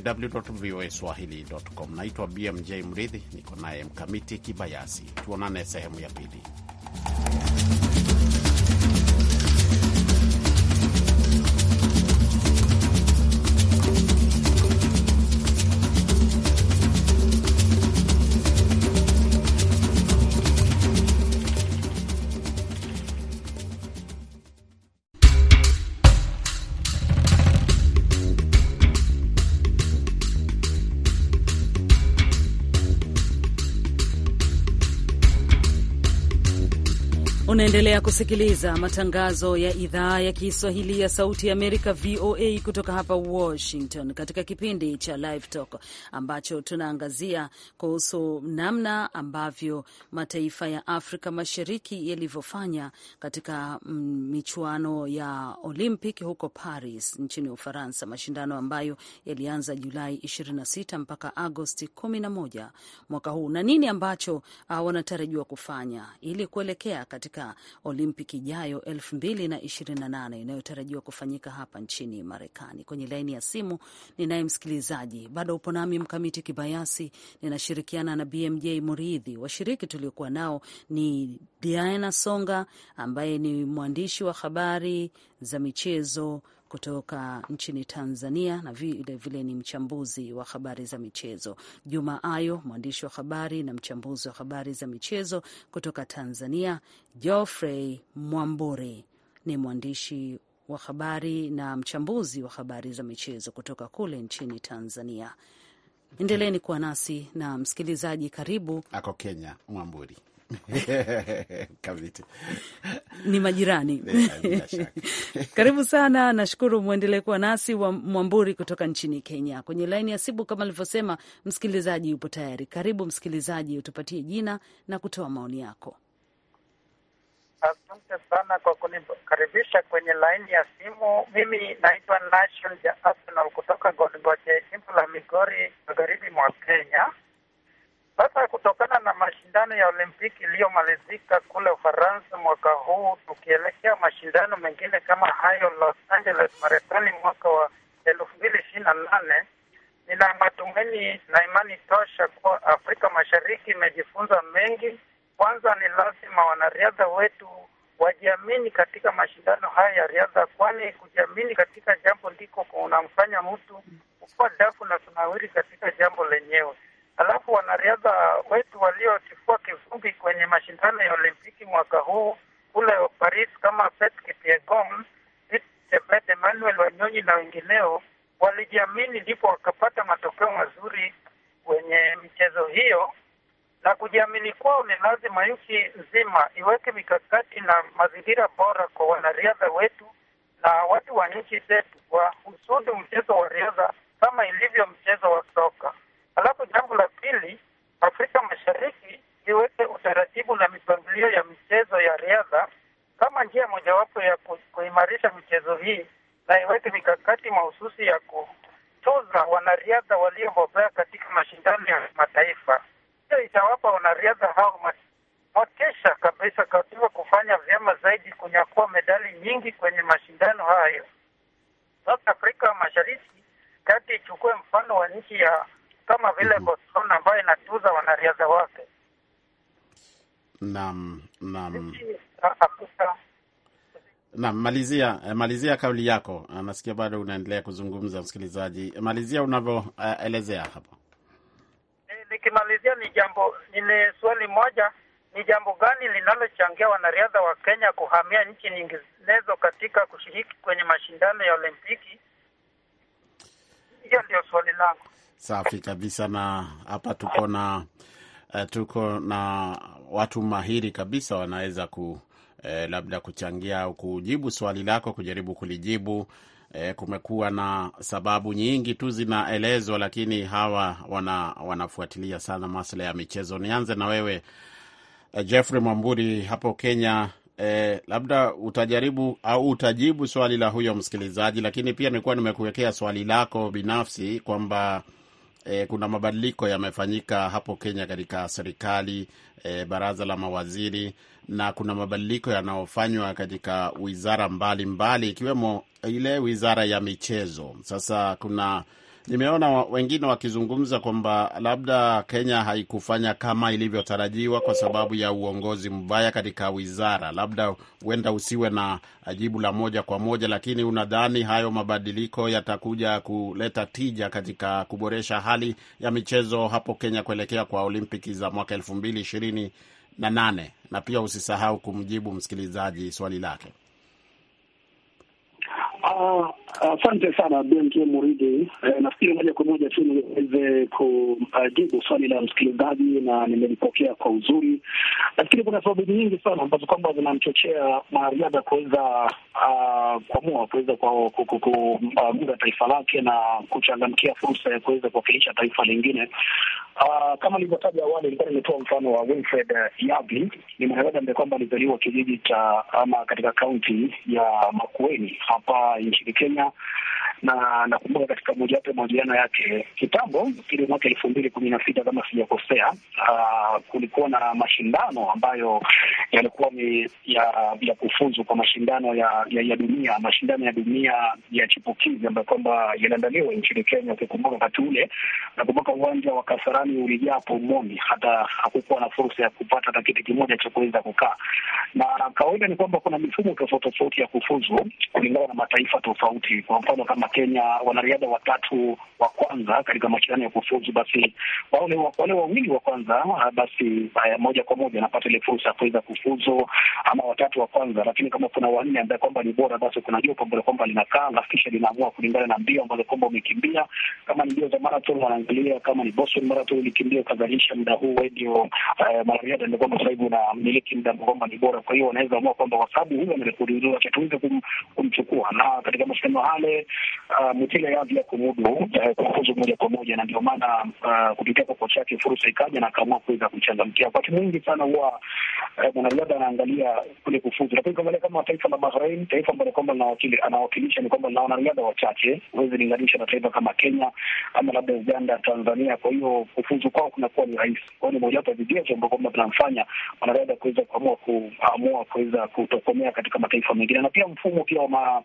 www.voaswahili.com. Naitwa BMJ Mridhi, niko naye Mkamiti Kibayasi. Tuonane sehemu ya pili. Unaendelea kusikiliza matangazo ya idhaa ya Kiswahili ya Sauti ya Amerika, VOA, kutoka hapa Washington, katika kipindi cha Live Talk ambacho tunaangazia kuhusu namna ambavyo mataifa ya Afrika Mashariki yalivyofanya katika mm, michuano ya Olympic huko Paris nchini Ufaransa, mashindano ambayo yalianza Julai 26 mpaka Agosti 11 mwaka huu, na nini ambacho ah, wanatarajiwa kufanya ili kuelekea katika Olimpiki ijayo 2028 inayotarajiwa kufanyika hapa nchini Marekani. Kwenye laini ya simu ninaye msikilizaji, bado upo nami Mkamiti Kibayasi, ninashirikiana na BMJ Muridhi. Washiriki tuliokuwa nao ni Diana Songa ambaye ni mwandishi wa habari za michezo kutoka nchini Tanzania na vilevile vile ni mchambuzi wa habari za michezo. Juma Ayo, mwandishi wa habari na mchambuzi wa habari za michezo kutoka Tanzania. Geoffrey Mwamburi ni mwandishi wa habari na mchambuzi wa habari za michezo kutoka kule nchini Tanzania. endeleni kuwa nasi na msikilizaji, karibu. Ako Kenya Mwamburi. ni majirani karibu sana. Nashukuru, mwendelee kuwa nasi. Wa Mwamburi kutoka nchini Kenya kwenye laini ya sibu, kama alivyosema msikilizaji yupo tayari. Karibu msikilizaji, utupatie jina na kutoa maoni yako. Asante sana kwa kunikaribisha kwenye laini ya simu. Mimi naitwa Nation Arsenal kutoka Godgoje, jimbo la Migori, magharibi mwa Kenya. Sasa kutokana na mashindano ya Olimpiki iliyomalizika kule Ufaransa mwaka huu, tukielekea mashindano mengine kama hayo Los Angeles, Marekani, mwaka wa elfu mbili ishirini na nane, nina matumaini na imani tosha kuwa Afrika Mashariki imejifunza mengi. Kwanza ni lazima wanariadha wetu wajiamini katika mashindano haya ya riadha, kwani kujiamini katika jambo ndiko kunamfanya mtu kukuwa dafu na kunawiri katika jambo lenyewe. Alafu wanariadha wetu waliotifua kivumbi kwenye mashindano ya Olimpiki mwaka huu kule Paris kama Faith Kipyegon, Chebet Emmanuel Wanyonyi na wengineo walijiamini, ndipo wakapata matokeo mazuri kwenye michezo hiyo. Na kujiamini kwao ni lazima nchi nzima iweke mikakati na mazingira bora kwa wanariadha wetu na watu wa nchi zetu, wa husudu mchezo wa riadha kama ilivyo mchezo wa soka. Alafu jambo la pili, Afrika Mashariki iweke utaratibu na mipangilio ya michezo ya riadha kama njia mojawapo ya kuimarisha michezo hii, na iweke mikakati mahususi ya kutuza wanariadha waliobobea katika mashindano ya kimataifa. Hiyo itawapa wanariadha hao motisha kabisa katika kufanya vyema zaidi, kunyakua medali nyingi kwenye mashindano hayo. Sasa Afrika Mashariki kati ichukue mfano wa nchi ya kama vile mhm. Boston ambayo inatuza wanariadha wake. Naam, naam. Na malizia eh, malizia kauli yako. Eh, nasikia bado unaendelea kuzungumza, msikilizaji, eh, malizia unavyoelezea uh, hapo. Nikimalizia ni jambo ni swali moja ni jambo gani linalochangia wanariadha wa Kenya kuhamia nchi nyinginezo katika kushiriki kwenye mashindano ya Olimpiki? Hiyo ndio swali langu. Safi kabisa. Na hapa tuko na uh, tuko na watu mahiri kabisa wanaweza ku eh, labda kuchangia au kujibu swali lako, kujaribu kulijibu. Eh, kumekuwa na sababu nyingi tu zinaelezwa, lakini hawa wana, wanafuatilia sana masuala ya michezo. Nianze na wewe eh, Jeffrey Mwamburi hapo Kenya. Eh, labda utajaribu au utajibu swali la huyo msikilizaji, lakini pia nilikuwa nimekuwekea swali lako binafsi kwamba e, kuna mabadiliko yamefanyika hapo Kenya katika serikali e, baraza la mawaziri na kuna mabadiliko yanayofanywa katika wizara mbalimbali ikiwemo mbali, ile wizara ya michezo. Sasa kuna Nimeona wengine wakizungumza kwamba labda Kenya haikufanya kama ilivyotarajiwa kwa sababu ya uongozi mbaya katika wizara. Labda huenda usiwe na jibu la moja kwa moja, lakini unadhani hayo mabadiliko yatakuja kuleta tija katika kuboresha hali ya michezo hapo Kenya kuelekea kwa Olimpiki za mwaka elfu mbili ishirini na nane? Na pia usisahau kumjibu msikilizaji swali lake. Uh, Asante sana BMJ Muridi. Eh, nafikiri moja kwa moja tu niweze kujibu swali la msikilizaji, na nimelipokea kwa uzuri. Nafikiri kuna sababu nyingi sana ambazo kwamba zinamchochea mwanariadha kuweza uh, kuamua kuweza kuguda taifa lake na kuchangamkia fursa ya kuweza kuwakilisha taifa lingine. Uh, Kama nilivyotaja awali, nilikuwa nimetoa mfano wa Wilfred eh, Yabi. Ni mwanariadha ambaye kwamba alizaliwa kijiji cha ama katika kaunti ya Makueni hapa nchini Kenya Kenya na nakumbuka katika mojawapo ya mahojiano yake kitambo, kile mwaka elfu mbili kumi na sita kama sijakosea, ah, kulikuwa na mashindano ambayo yalikuwa ni ya, ya kufuzu kwa mashindano ya, ya, ya dunia, mashindano ya dunia ya chipukizi ambayo kwamba yaliandaliwa nchini Kenya. Ukikumbuka wakati ule, nakumbuka uwanja wa Kasarani ulijaa pomoni, hata hakukuwa na fursa ya kupata hata kiti kimoja cha kuweza kukaa. Na kawaida ni kwamba kuna mifumo tofauti tofauti ya kufuzu kulingana na mataifa tofauti tofauti. Kwa mfano kama Kenya, wanariadha watatu wa kwanza katika mashindano ya kufuzu, basi wale wawili wa kwanza ah, basi moja kwa moja anapata ile fursa ya kuweza kufuzu, ama watatu wa kwanza. Lakini kama kuna wanne ambaye kwamba ni bora, basi kuna jopo ambalo kwamba linakaa na kisha linaamua kulingana na mbio ambazo kwamba umekimbia. Kama ni mbio za marathon, wanaangalia kama ni Boston Marathon ulikimbia ukazalisha muda huu, wewe ndio eh, mwanariadha ndio kwamba sasa hivi unamiliki muda kwamba ni bora. Kwa hiyo wanaweza amua kwamba kwa sababu huyu amerekodi nzuri, acha tuweze kumchukua na katika mashindano mahale uh, Mutile yavya kumudu uh, eh, kufuzu moja kwa moja, na ndio maana uh, kupitia kwa kocha yake fursa ikaja na akaamua kuweza kuchangamkia. Wakati mwingi sana huwa eh, mwanariadha anaangalia kule kufuzu, lakini ukiangalia kama taifa la Bahrain, taifa ambalo kwamba anawakilisha ni kwamba na wanariadha wachache, huwezi linganisha na taifa kama Kenya ama labda Uganda, Tanzania. Kwa hiyo kufuzu kwao kunakuwa ni rahisi kwao, ni mojawapo ya vigezo ambao kwamba tunamfanya mwanariadha kuweza kuamua kuamua kuweza kutokomea katika mataifa mengine, na pia mfumo pia wa, ma,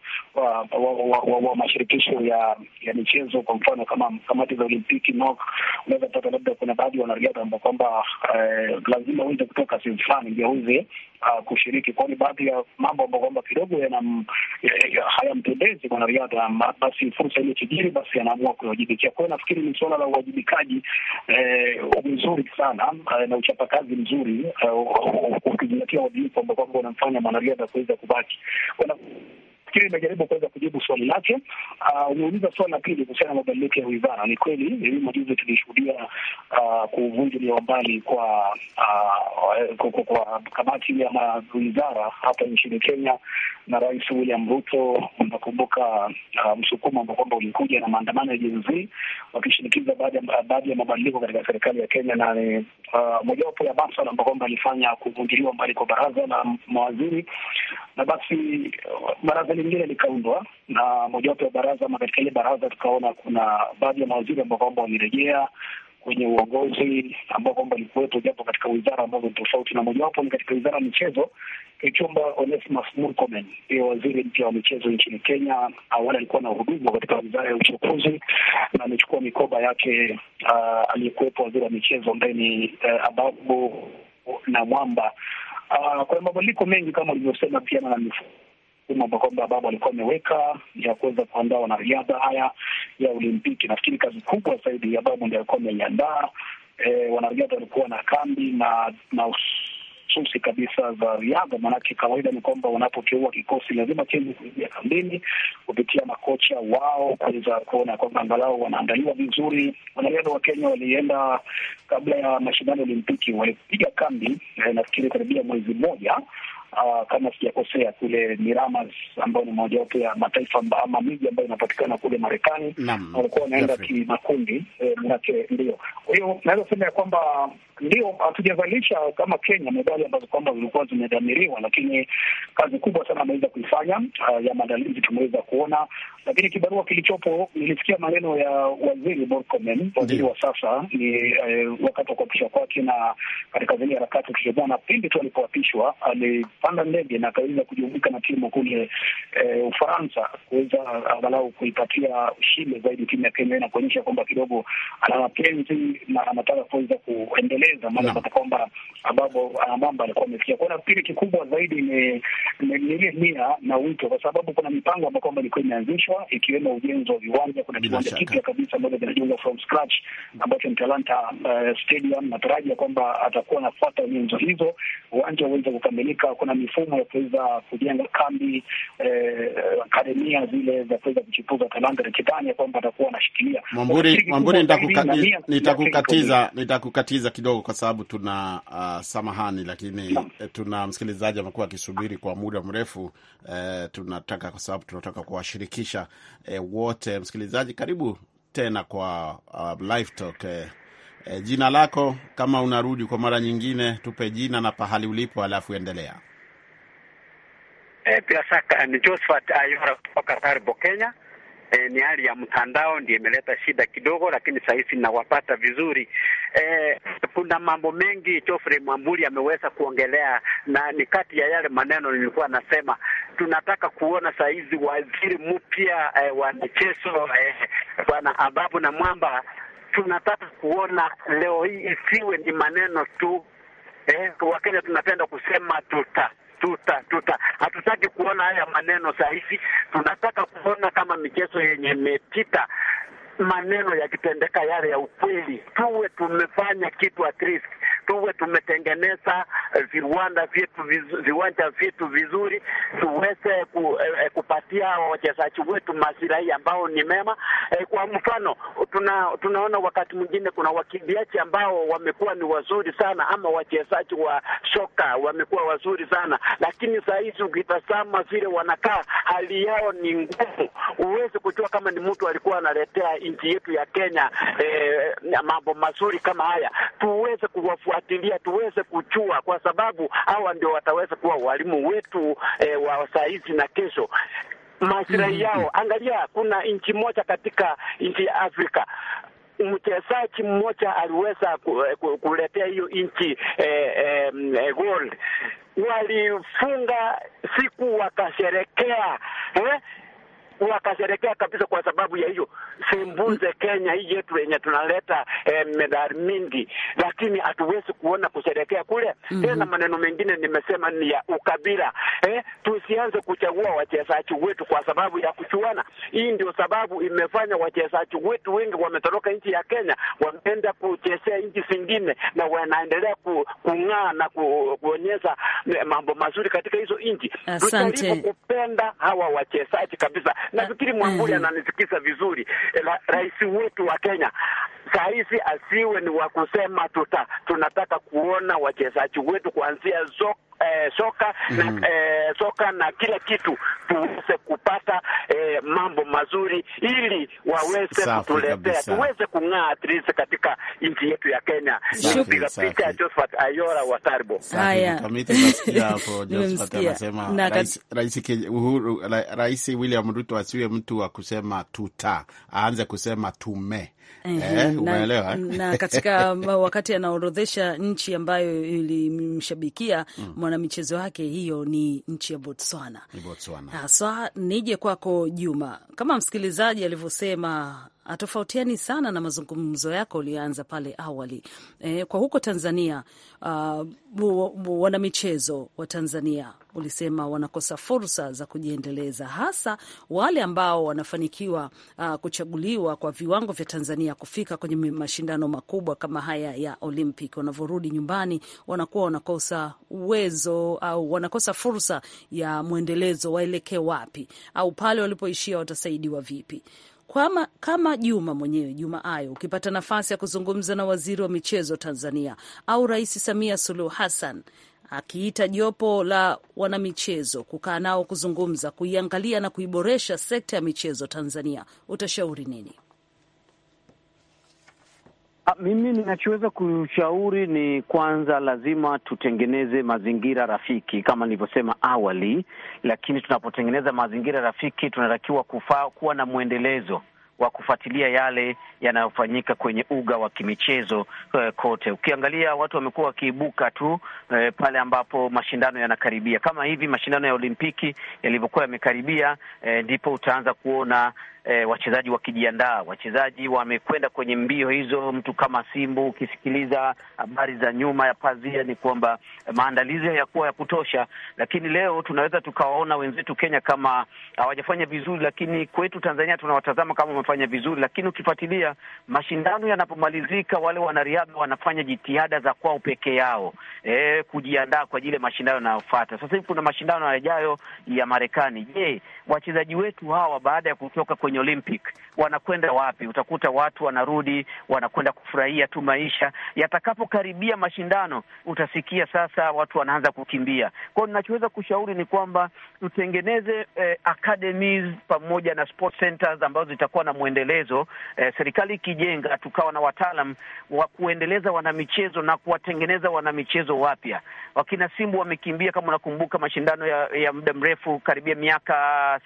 wa, wa, wa, wa, wa mashirikisho ya ya michezo, kwa mfano kama kamati za Olimpiki NOC, unaweza pata labda kuna baadhi ya wanariadha ambao kwamba eh, lazima uweze kutoka sehemu fulani ndio uweze uh, ah, kushiriki, kwani baadhi ya mambo ambao kwamba kidogo eh, hayamtendezi mwanariadha, basi fursa ile chijiri, basi anaamua kuwajibikia. Kwa hiyo nafikiri ni suala la uwajibikaji eh, mzuri sana eh, na uchapakazi mzuri ukizingatia eh, uadilifu ambao kwamba unamfanya mwanariadha kuweza kubaki nafikiri imejaribu kuweza kujibu swali lake. Ah, umeuliza swali la pili kuhusiana na mabadiliko ya wizara. Ni kweli hivi majuzi tulishuhudia uh, ah, kuvunjiliwa mbali ah, kwa kwa kamati ya mawizara hapa nchini Kenya na Rais William Ruto. Unakumbuka msukumo ambao kwamba ulikuja na maandamano ya Gen Z wakishinikiza baadhi ya mabadiliko katika serikali ya Kenya, na ni mojawapo ya maswala ambao kwamba alifanya kuvunjiliwa mbali kwa baraza la mawaziri na basi baraza lingine likaundwa na mojawapo ya baraza, ama katika ile baraza tukaona kuna baadhi ya mawaziri ambao kwamba wamerejea kwenye uongozi ambao kwamba likuwepo japo katika wizara ambazo ni tofauti, na mojawapo ni katika wizara ya michezo. Kichumba Onesimus Murkomen ndiyo waziri mpya wa michezo nchini Kenya. Awali alikuwa na uhudumu katika wizara ya uchukuzi na amechukua mikoba yake uh, aliyekuwepo waziri wa michezo ambaye ni uh, Ababu na Mwamba. Uh, kuna mabadiliko mengi kama ulivyosema, pia na mifumo mfumo kwamba baba alikuwa ameweka ya kuweza kuandaa wanariadha haya ya Olimpiki. Nafikiri kazi kubwa zaidi ya babu ndio alikuwa ameiandaa. E, wanariadha walikuwa na kambi na na susi kabisa za riadha. Maanake kawaida ni kwamba wanapoteua kikosi lazima timu kuingia kambini kupitia makocha wao kuweza kuona kwamba angalau wanaandaliwa vizuri. Wanariadha wa Kenya walienda kabla ya mashindano ya Olimpiki, walipiga kambi, eh, nafikiri karibia mwezi mmoja uh, kama sijakosea kule Miramas, ambayo ni mojawapo ya mataifa ama miji ambayo inapatikana kule Marekani, walikuwa wanaenda kimakundi, eh, manake ndio. Kwa hiyo naweza sema ya kwamba ndio hatujazalisha kama Kenya medali ambazo kwamba zilikuwa zimedhamiriwa, lakini kazi kubwa sana ameweza kuifanya uh, ya maandalizi tumeweza kuona, lakini kibarua kilichopo, nilisikia maneno ya waziri Murkomen, waziri wa sasa ni eh, wakati wa kuapishwa kwake, na katika zile harakati ukishobana, pindi tu alipoapishwa alipanda ndege na akaweza kujumuika na timu kule eh, Ufaransa kuweza angalau kuipatia ushindi zaidi timu ya Kenya na kuonyesha kwamba kidogo ana mapenzi na anataka kuweza kuendelea kuongeza maana napata kwamba ambapo ah, mambo alikuwa amefikia kwao. Nafikiri kikubwa zaidi ni ile nia na wito, kwa sababu kuna mipango ambayo kwamba ilikuwa imeanzishwa, ikiwemo ujenzi wa viwanja. Kuna kiwanja kipya kabisa ambacho kinajengwa from scratch ambacho ni Talanta uh, Stadium. ya kwamba atakuwa anafuata nyenzo hizo, uwanja uweze kukamilika. Kuna mifumo ya kuweza kujenga kambi eh, akademia zile za kuweza kuchipuza talanta ya kwamba atakuwa anashikilia Mwamburi. Mwamburi, nitakukatiza nitakukatiza kidogo kidogo kwa sababu tuna uh, samahani, lakini tuna msikilizaji amekuwa akisubiri kwa muda mrefu eh, tunataka kwa sababu tunataka kuwashirikisha eh, wote. Msikilizaji, karibu tena kwa uh, live talk eh, eh, jina lako kama unarudi kwa mara nyingine, tupe jina na pahali ulipo, alafu endelea. E, bila shaka ni Josephat Ayora kutoka Taribo, Kenya e, ni hali ya mtandao ndio imeleta shida kidogo, lakini sasa hivi nawapata vizuri. E, kuna mambo mengi Geoffrey Mwamburi ameweza kuongelea na ni kati ya yale maneno nilikuwa nasema tunataka kuona saa hizi waziri mpya e, wa michezo e, bwana Ababu na Mwamba tunataka kuona leo hii isiwe ni maneno tu eh, Wakenya tunapenda kusema tuta tuta tuta, hatutaki kuona haya maneno saa hizi. Tunataka kuona kama michezo yenye imepita maneno yakitendeka yale ya ukweli, tuwe tumefanya kitu at least tuwe tumetengeneza eh, viwanda vyetu, viwanja vyetu vizuri, tuweze ku, eh, eh kupatia wachezaji wetu masirahi ambao ni mema eh. Kwa mfano tuna, tunaona wakati mwingine kuna wakimbiaji ambao wamekuwa ni wazuri sana ama wachezaji wa soka wamekuwa wazuri sana lakini saa hizi ukitazama vile wanakaa, hali yao ni ngumu, huwezi kujua kama ni mtu alikuwa analetea nchi yetu ya Kenya eh, mambo mazuri kama haya, tuweze kuwafu kufuatilia tuweze kuchua kwa sababu hawa ndio wataweza kuwa walimu wetu e, wa saizi na kesho maslahi mm-hmm. yao. Angalia, kuna nchi moja katika nchi ya Afrika mchezaji mmoja aliweza eh, kuletea hiyo nchi eh, eh, mm, eh, gold. Walifunga siku wakasherekea eh? wakasherekea kabisa kwa sababu ya hiyo simbuze Kenya hii yetu yenye tunaleta eh, medali mingi, lakini hatuwezi kuona kusherekea kule mm -hmm. Tena maneno mengine nimesema ni ya ukabila eh, tusianze kuchagua wachezaji wetu kwa sababu ya kuchuana. Hii ndio sababu imefanya wachezaji wetu wengi wametoroka nchi ya Kenya, wameenda kuchezea nchi zingine na wanaendelea ku, kung'aa na ku, kuonyesha eh, mambo mazuri katika hizo nchi. Tujaribu kupenda hawa wachezaji kabisa. Nafikiri mwambuli eh. ananisikiza vizuri. Eh, rais wetu wa Kenya sahizi asiwe ni wa kusema tuta, tunataka kuona wachezaji wetu kuanzia zo, eh, soka mm -hmm. na mhm. eh, soka na kila kitu tuweze kupata eh, mambo mazuri ili waweze kutuletea tuweze kung'aa at katika nchi yetu ya Kenya. Piga picha ya Josephat Ayora wa Tarbo. Haya, anasema Rais William Ruto asiwe mtu wa kusema tuta, aanze kusema tume. Eh, umeelewa na, eh? na katika wakati anaorodhesha nchi ambayo ilimshabikia mm. mwanamichezo wake, hiyo ni nchi ya Botswana haswa. Nije kwako Juma, kama msikilizaji alivyosema hatofautiani sana na mazungumzo yako uliyoanza pale awali. E, kwa huko Tanzania uh, wanamichezo wa Tanzania ulisema wanakosa fursa za kujiendeleza, hasa wale ambao wanafanikiwa uh, kuchaguliwa kwa viwango vya Tanzania kufika kwenye mashindano makubwa kama haya ya Olympic. Wanavyorudi nyumbani, wanakuwa wanakosa uwezo au wanakosa fursa ya mwendelezo, waelekee wapi, au pale walipoishia watasaidiwa vipi? kama, kama Juma mwenyewe Juma Ayo, ukipata nafasi ya kuzungumza na waziri wa michezo Tanzania au Rais Samia Suluhu Hassan akiita jopo la wanamichezo kukaa nao kuzungumza, kuiangalia na kuiboresha sekta ya michezo Tanzania, utashauri nini? A, ah, mimi ninachoweza kushauri ni kwanza, lazima tutengeneze mazingira rafiki kama nilivyosema awali, lakini tunapotengeneza mazingira rafiki tunatakiwa kufaa kuwa na mwendelezo wa kufuatilia yale yanayofanyika kwenye uga wa kimichezo e, kote. Ukiangalia watu wamekuwa wakiibuka tu e, pale ambapo mashindano yanakaribia, kama hivi mashindano ya Olimpiki yalivyokuwa yamekaribia, e, ndipo utaanza kuona e, wachezaji wakijiandaa, wachezaji wamekwenda kwenye mbio hizo. Mtu kama Simbu, ukisikiliza habari za nyuma ya pazia ni kwamba maandalizi hayakuwa ya kutosha, lakini leo tunaweza tukawaona wenzetu Kenya kama hawajafanya vizuri, lakini kwetu Tanzania tunawatazama kama wamefanya vizuri, lakini ukifuatilia mashindano yanapomalizika, wale wanariadha wanafanya jitihada za kwao peke yao e, kujiandaa kwa ajili ya mashindano yanayofuata. Sasa hivi kuna mashindano yajayo ya Marekani. Je, wachezaji wetu hawa baada ya kutoka kwenye kwenye Olympic wanakwenda wapi? Utakuta watu wanarudi wanakwenda kufurahia tu maisha. Yatakapokaribia mashindano, utasikia sasa watu wanaanza kukimbia. Kwao ninachoweza kushauri ni kwamba tutengeneze eh, academies pamoja na sports centers ambazo zitakuwa na mwendelezo eh, serikali ikijenga, tukawa na wataalam wa kuendeleza wanamichezo na kuwatengeneza wanamichezo wapya. Wakina Simbu wamekimbia, kama unakumbuka mashindano ya, ya muda mrefu karibia miaka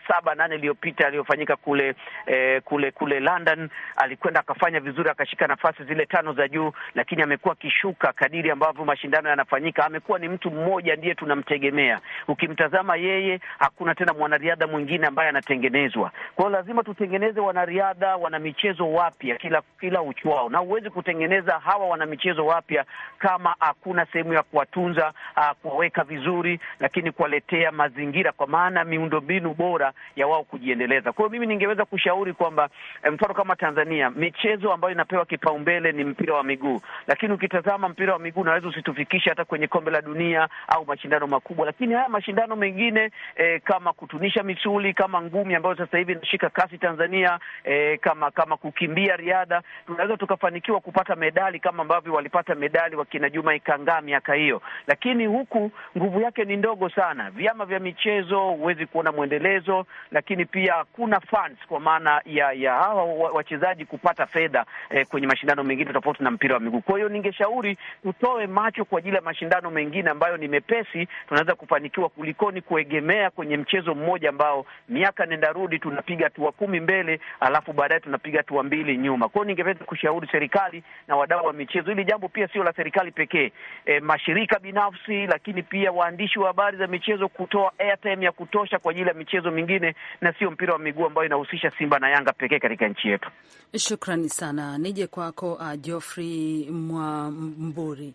saba nane iliyopita yaliyofanyika kule eh, kule kule London alikwenda akafanya vizuri, akashika nafasi zile tano za juu, lakini amekuwa akishuka kadiri ambavyo mashindano yanafanyika. Amekuwa ni mtu mmoja ndiye tunamtegemea. Ukimtazama yeye, hakuna tena mwanariadha mwingine ambaye anatengenezwa. Kwa hiyo lazima tutengeneze wanariadha wana michezo wapya kila kila uchwao, na huwezi kutengeneza hawa wana michezo wapya kama hakuna sehemu ya kuwatunza, ah, kuwaweka vizuri, lakini kuwaletea mazingira, kwa maana miundombinu bora ya wao kujiendeleza. Kwa hiyo mimi ningeweza kushauri kwamba eh, mfano kama Tanzania, michezo ambayo inapewa kipaumbele ni mpira wa miguu, lakini ukitazama mpira wa miguu unaweza usitufikishe hata kwenye kombe la dunia au mashindano makubwa, lakini haya mashindano mengine eh, kama kutunisha misuli kama ngumi ambayo sasa hivi inashika kasi Tanzania, eh, kama kama kukimbia riadha, tunaweza tukafanikiwa kupata medali kama ambavyo walipata medali wakina Juma Ikangaa miaka hiyo, lakini huku nguvu yake ni ndogo sana. Vyama vya michezo huwezi kuona mwendelezo, lakini pia kuna fans kwa kwa maana ya ya hawa wachezaji kupata fedha eh, kwenye mashindano mengine tofauti na mpira wa miguu. Kwa hiyo ningeshauri tutoe macho kwa ajili ya mashindano mengine ambayo ni mepesi, tunaweza kufanikiwa kulikoni kuegemea kwenye mchezo mmoja ambao miaka nenda rudi tunapiga hatua kumi mbele, alafu baadaye tunapiga hatua mbili nyuma. Kwa hiyo ningependa kushauri serikali na wadau wa michezo, hili jambo pia sio la serikali pekee, eh, mashirika binafsi, lakini pia waandishi wa habari za michezo kutoa airtime ya kutosha kwa ajili ya michezo mingine na sio mpira wa miguu ambayo inahusisha kuwaunganisha Simba na Yanga pekee katika nchi yetu. Shukrani sana. Nije kwako uh, Geoffrey Mwa Mwamburi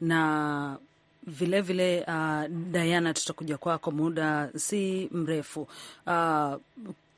na vilevile vile, uh, Diana, tutakuja kwako muda si mrefu uh,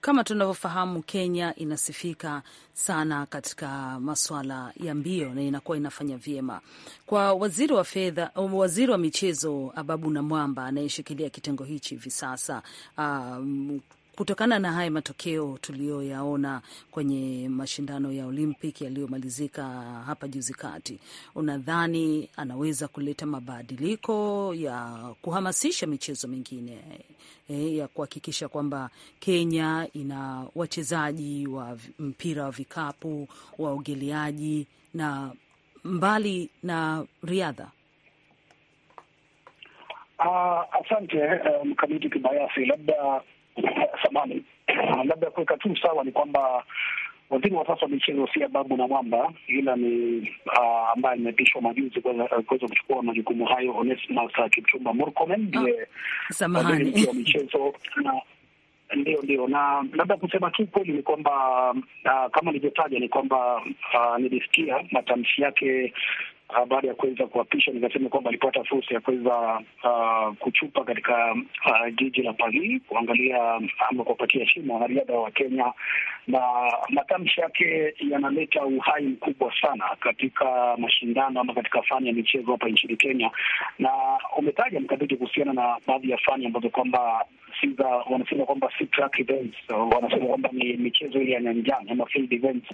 kama tunavyofahamu Kenya inasifika sana katika masuala ya mbio na inakuwa inafanya vyema. Kwa waziri wa fedha, waziri wa michezo Ababu Namwamba anayeshikilia kitengo hichi hivi sasa, um, kutokana na haya matokeo tuliyoyaona kwenye mashindano ya Olympic yaliyomalizika hapa juzi kati, unadhani anaweza kuleta mabadiliko ya kuhamasisha michezo mingine e, ya kuhakikisha kwamba Kenya ina wachezaji wa mpira wa vikapu, waogeleaji na mbali na riadha? Uh, asante eh, mkamiti um, kibayasi labda samani labda kuweka tu sawa ni kwamba waziri wa sasa wa michezo si Ababu na Mwamba, ila ni uh, ambaye ameapishwa majuzi ah, kuweza kuchukua majukumu hayo, Onesmus Kipchumba Murkomen ah, ndiye waziri mpya wa michezo na ndio ndio, na labda kusema tu kweli ni kwamba uh, kama nilivyotaja ni kwamba uh, nilisikia matamshi yake uh, baada ya kuweza kuapishwa, nikasema kwamba alipata fursa ya kuweza uh, kuchupa katika uh, jiji la Paris kuangalia ama kuwapatia heshima wanariadha wa Kenya, na matamshi yake yanaleta uhai mkubwa sana katika mashindano ama katika fani ya michezo hapa nchini Kenya, na umetaja mkabiti kuhusiana na baadhi ya fani ambazo kwamba siza wanasema kwamba si track events, wanasema kwamba ni michezo ile ya nyanjani ama field events,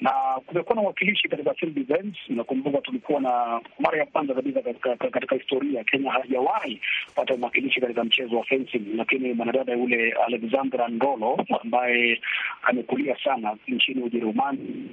na kumekuwa na uwakilishi katika field events. Nakumbuka tulikuwa na mara ya kwanza kabisa katika, katika historia Kenya hajawahi pata mwakilishi katika mchezo wa fencing, lakini mwanadada yule Alexandra Ndolo ambaye amekulia sana nchini Ujerumani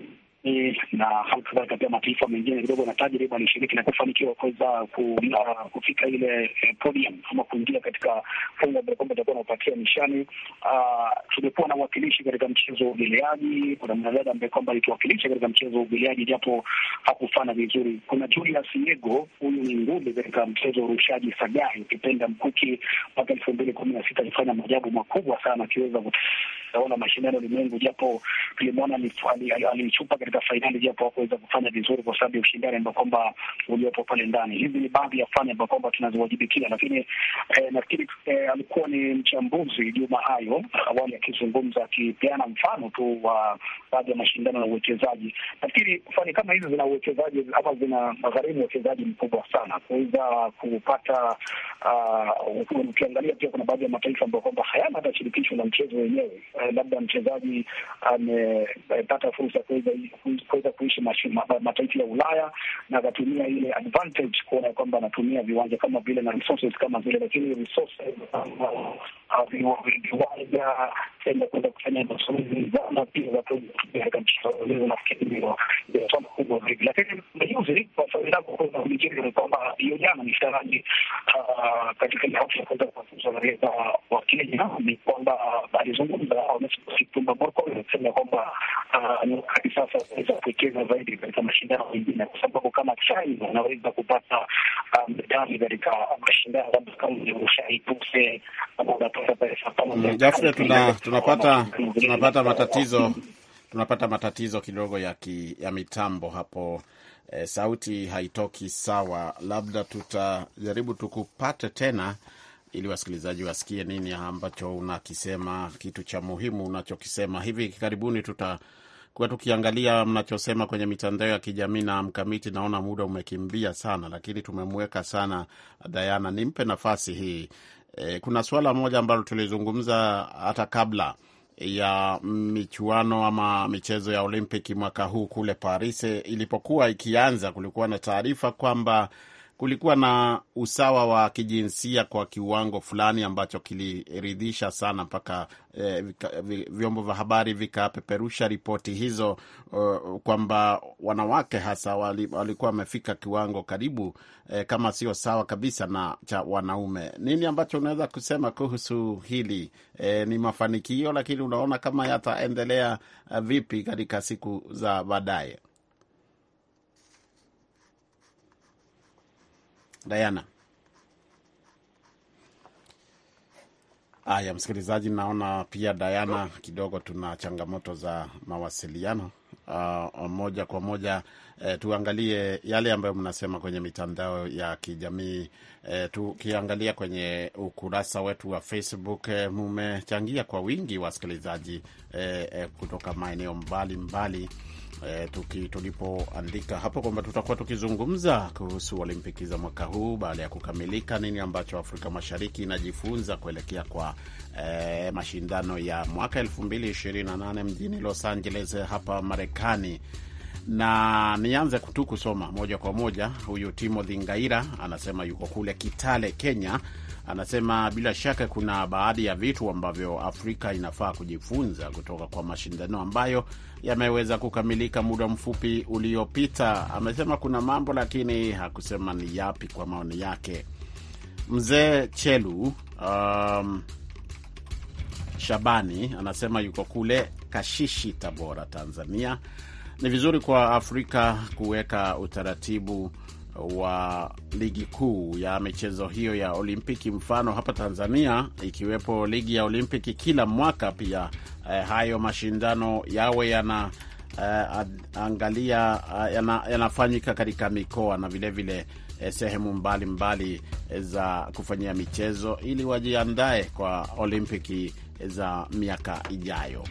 na hali kadhalika pia mataifa mengine kidogo na tajriba alishiriki na kufanikiwa kuweza uh, kufika ile eh, podium ama kuingia katika fungu ambalo kwamba itakuwa naupatia nishani. Uh, tumekuwa na uwakilishi katika mchezo wa ugeleaji. Kuna mwanadada ambaye kwamba alituwakilisha katika mchezo wa ugeleaji japo hakufana vizuri. Kuna Julius Yego, huyu ni nguli katika mchezo wa urushaji sagahi, ukipenda mkuki, mwaka elfu mbili kumi na sita alifanya maajabu makubwa sana akiweza kuona mashindano ulimwengu, japo tulimwona alichupa katika fainali, japo hakuweza kufanya vizuri kwa sababu ya ushindani ambao kwamba uliopo pale ndani. Hizi ni baadhi ya fani ambao kwamba tunaziwajibikia, lakini eh, nafikiri eh, alikuwa ni mchambuzi Juma Hayo awali akizungumza, akipeana mfano tu wa baadhi ya mashindano na uwekezaji. Nafikiri fani kama hizi zina uwekezaji ama zina magharimu uwekezaji mkubwa sana kuweza kupata uh, ukiangalia pia kuna baadhi ya mataifa ambayo kwamba hayana hata shirikisho la mchezo wenyewe. Uh, labda mchezaji amepata eh, fursa ya kuweza kuweza kuishi mataifa ya Ulaya, na akatumia ile advantage kuona kwamba anatumia viwanja kama vile na resources kama vile, lakini resources viwanja enda kuweza kufanya mazoezi zana pia zatunafikiri kubwa vipi, lakini majuzi ni kwamba hiyo jana ni staraji ah, katika ile hofu ya kuweza kuwafunza raia wa Kenya ni kwamba alizungumza au Onesimo kwamba Murkomen akisema kwamba ni wakati sasa wanaweza kuwekeza zaidi katika mashindano mengine, kwa sababu kama China wanaweza kupata medali um, katika mashindano labda kama ushaituse unapata pesa kama mm, Jafre. Tuna tunapata tunapata matatizo tunapata matatizo kidogo ya, ki, ya mitambo hapo. E, sauti haitoki sawa, labda tutajaribu tukupate tena ili wasikilizaji wasikie nini ambacho unakisema, kitu cha muhimu unachokisema. Hivi karibuni tuta kuwa tukiangalia mnachosema kwenye mitandao ya kijamii na mkamiti, naona muda umekimbia sana, lakini tumemweka sana Diana. Nimpe nafasi hii e, kuna suala moja ambalo tulizungumza hata kabla ya michuano ama michezo ya Olimpiki mwaka huu kule Paris e, ilipokuwa ikianza, kulikuwa na taarifa kwamba kulikuwa na usawa wa kijinsia kwa kiwango fulani ambacho kiliridhisha sana mpaka eh, vyombo vya habari vikapeperusha ripoti hizo uh, kwamba wanawake hasa walikuwa wamefika kiwango karibu eh, kama sio sawa kabisa na cha wanaume. Nini ambacho unaweza kusema kuhusu hili? Eh, ni mafanikio, lakini unaona kama yataendelea eh, vipi katika siku za baadaye? Diana. Haya, msikilizaji, naona pia Diana, kidogo tuna changamoto za mawasiliano. Uh, moja kwa moja eh, tuangalie yale ambayo mnasema kwenye mitandao ya kijamii eh, tukiangalia kwenye ukurasa wetu wa Facebook eh, mmechangia kwa wingi wasikilizaji eh, eh, kutoka maeneo mbalimbali mbali e, tuki, tulipoandika hapo kwamba tutakuwa tukizungumza kuhusu Olimpiki za mwaka huu baada ya kukamilika, nini ambacho Afrika Mashariki inajifunza kuelekea kwa e, mashindano ya mwaka 2028 mjini Los Angeles hapa Marekani na nianze tu kusoma moja kwa moja. Huyu Timothy Ngaira anasema yuko kule Kitale, Kenya. Anasema bila shaka kuna baadhi ya vitu ambavyo Afrika inafaa kujifunza kutoka kwa mashindano ambayo yameweza kukamilika muda mfupi uliopita. Amesema kuna mambo lakini hakusema ni yapi kwa maoni yake. Mzee Chelu um, Shabani anasema yuko kule Kashishi, Tabora, Tanzania. Ni vizuri kwa Afrika kuweka utaratibu wa ligi kuu ya michezo hiyo ya Olimpiki. Mfano hapa Tanzania, ikiwepo ligi ya Olimpiki kila mwaka pia eh, hayo mashindano yawe yana eh, angalia eh, yana, yanafanyika katika mikoa na vilevile eh, sehemu mbalimbali mbali eh, za kufanyia michezo ili wajiandae kwa Olimpiki za miaka ijayo.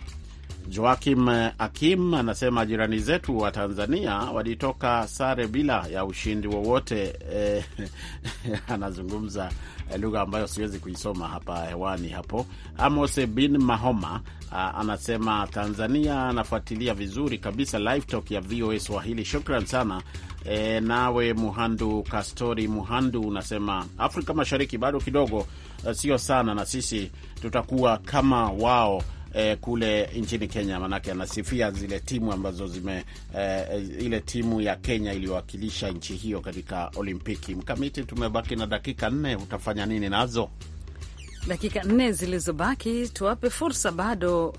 Joakim Akim anasema jirani zetu wa Tanzania walitoka sare bila ya ushindi wowote. E, anazungumza lugha ambayo siwezi kuisoma hapa hewani hapo. Amos bin Mahoma a, ah, anasema Tanzania anafuatilia vizuri kabisa live talk ya VOA Swahili. Shukran sana. E, nawe Muhandu Kastori Muhandu unasema Afrika Mashariki bado kidogo, eh, sio sana, na sisi tutakuwa kama wao eh, kule nchini Kenya, maanake anasifia zile timu ambazo zime eh, ile timu ya Kenya iliyowakilisha nchi hiyo katika Olimpiki. Mkamiti, tumebaki na dakika nne, utafanya nini nazo? Dakika nne zilizobaki tuwape fursa bado, uh,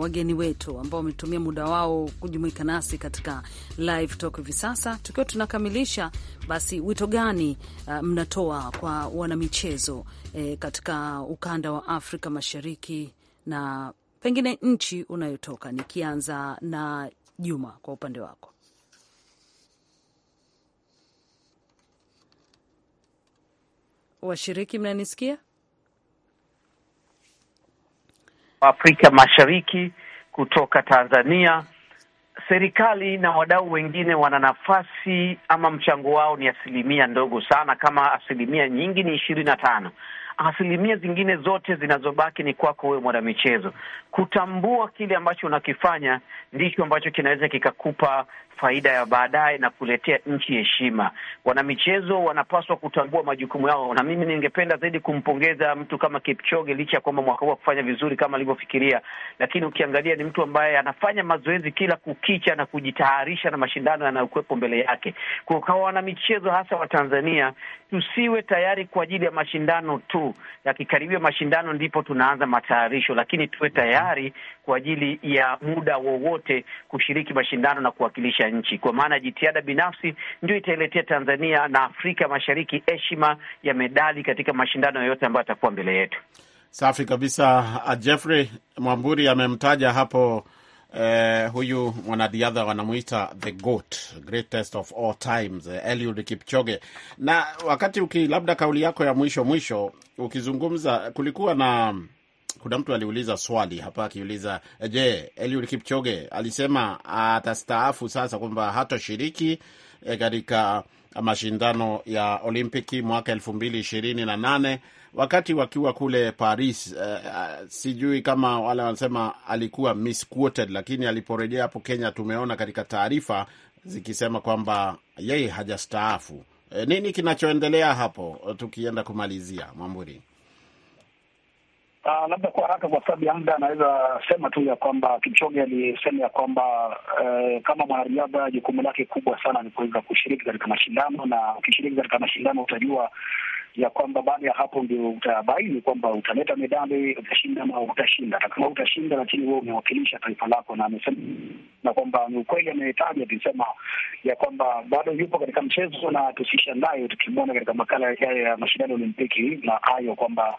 wageni wetu ambao wametumia muda wao kujumuika nasi katika live talk hivi sasa. Tukiwa tunakamilisha, basi wito gani uh, mnatoa kwa wanamichezo eh, katika ukanda wa Afrika Mashariki na pengine nchi unayotoka, nikianza na Juma kwa upande wako. Washiriki, mnanisikia? Afrika Mashariki kutoka Tanzania, serikali na wadau wengine wana nafasi ama mchango wao ni asilimia ndogo sana, kama asilimia nyingi ni ishirini na tano, asilimia zingine zote zinazobaki ni kwako wewe mwanamichezo. Kutambua kile ambacho unakifanya ndicho ambacho kinaweza kikakupa faida ya baadaye na kuletea nchi heshima. Wanamichezo wanapaswa kutambua majukumu yao, na mimi ningependa zaidi kumpongeza mtu kama Kipchoge, licha ya kwamba mwaka huu akufanya vizuri kama alivyofikiria, lakini ukiangalia ni mtu ambaye anafanya mazoezi kila kukicha na kujitayarisha na mashindano yanayokuwepo mbele yake. Kwa wanamichezo hasa wa Tanzania, tusiwe tayari kwa ajili ya mashindano tu, yakikaribia mashindano ndipo tunaanza matayarisho, lakini tuwe tayari kwa ajili ya muda wowote kushiriki mashindano na kuwakilisha cha nchi, kwa maana jitihada binafsi ndio itailetea Tanzania na Afrika Mashariki heshima ya medali katika mashindano yoyote ambayo atakuwa mbele yetu. Safi kabisa. Uh, Jeffrey Mwamburi amemtaja hapo eh, huyu mwanariadha wanamuita the goat, greatest of all times, eh, Eliud Kipchoge. Na wakati uki labda kauli yako ya mwisho mwisho ukizungumza, kulikuwa na kuna mtu aliuliza swali hapa akiuliza, je, Eliud Kipchoge alisema atastaafu sasa kwamba hatoshiriki eh, katika mashindano ya Olimpiki mwaka elfu mbili ishirini na nane wakati wakiwa kule Paris. Uh, sijui kama wale wanasema alikuwa misquoted, lakini aliporejea hapo Kenya tumeona katika taarifa zikisema kwamba yeye hajastaafu. E, nini kinachoendelea hapo? Tukienda kumalizia Mwamburi Uh, labda kwa haraka kwa sababu ya muda anaweza sema tu ya kwamba Kipchoge alisema ya kwamba eh, kama mwanariadha jukumu lake kubwa sana ni kuweza kushiriki katika mashindano, na ukishiriki katika mashindano utajua ya kwamba baada ya hapo ndio utabaini kwamba utaleta medali, utashinda ama utashinda. Hata kama utashinda, lakini wewe umewakilisha taifa lako. Na amesema na kwamba ni ukweli, amehitaji akisema ya kwamba bado yupo katika mchezo, na tusisha tusishandae tukimwona katika makala yajayo ya mashindano ya Olimpiki na hayo kwamba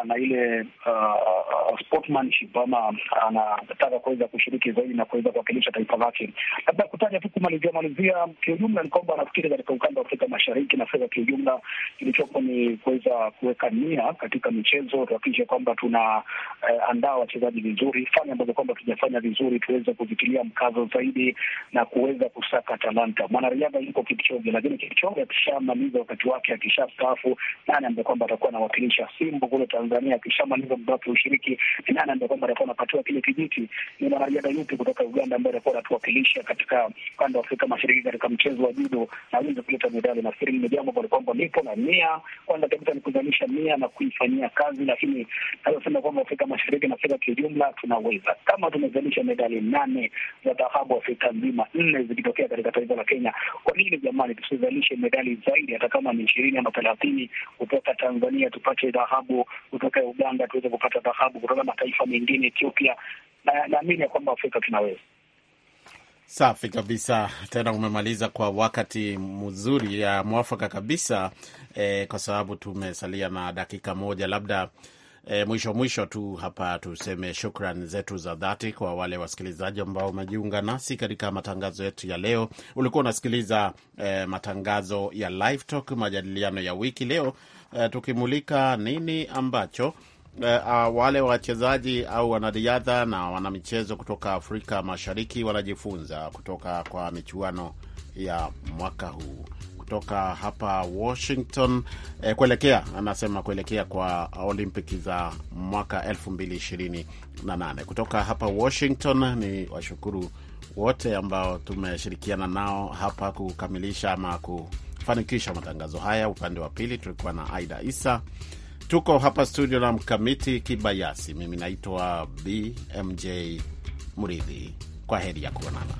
ana ile uh, sportsmanship ama anataka kuweza kushiriki zaidi na kuweza kuwakilisha taifa lake. Labda kutaja tu kumalizia malizia, kiujumla ni kwamba anafikiri katika ukanda wa Afrika Mashariki na fedha kiujumla kilichopo ni kuweza kuweka nia katika michezo, tuhakikishe kwamba tunaandaa eh, wachezaji vizuri, fani ambazo kwamba tujafanya vizuri tuweze kuzitilia mkazo zaidi na kuweza kusaka talanta. Mwanariadha yuko Kipchoge, lakini Kipchoge akishamaliza wakati wake, akishastaafu, nani ambaye kwamba atakuwa anawakilisha Simba kule Tanzania? Akishamaliza muda wake ushiriki, ni nani ambaye kwamba atakuwa anapatiwa kile kijiti? Ni mwanariadha yupi kutoka Uganda ambaye atakuwa anatuwakilisha katika ukanda wa Afrika Mashariki katika mchezo wa judo na aweze kuleta medali? Nafikiri ni jambo ambalo kwamba lipo na nia kwanza kabisa ni kuzalisha nia na kuifanyia kazi, lakini nazosema kwamba Afrika Mashariki na Afrika kiujumla tunaweza, kama tumezalisha medali nane za dhahabu Afrika nzima, nne zikitokea katika taifa la Kenya. Kwa nini jamani tusizalishe medali zaidi, hata kama ni ishirini ama thelathini kutoka Tanzania tupate dhahabu, kutoka Uganda tuweze kupata dhahabu, kutoka mataifa mengine Ethiopia. Naamini na ya kwamba Afrika tunaweza. Safi kabisa, tena umemaliza kwa wakati mzuri ya mwafaka kabisa e, kwa sababu tumesalia na dakika moja labda E, mwisho mwisho tu hapa tuseme shukran zetu za dhati kwa wale wasikilizaji ambao wamejiunga nasi katika matangazo yetu ya leo. Ulikuwa unasikiliza e, matangazo ya Live Talk, majadiliano ya wiki leo, e, tukimulika nini ambacho uh, wale wachezaji au wanariadha na wanamichezo kutoka Afrika Mashariki wanajifunza kutoka kwa michuano ya mwaka huu kutoka hapa Washington eh, kuelekea anasema kuelekea kwa Olimpiki za mwaka 2028 kutoka hapa Washington. Ni washukuru wote ambao tumeshirikiana nao hapa kukamilisha ama kufanikisha matangazo haya. Upande wa pili tulikuwa na Aida Isa Tuko hapa studio na Mkamiti Kibayasi, mimi naitwa BMJ Mridhi. Kwa heri ya kuonana.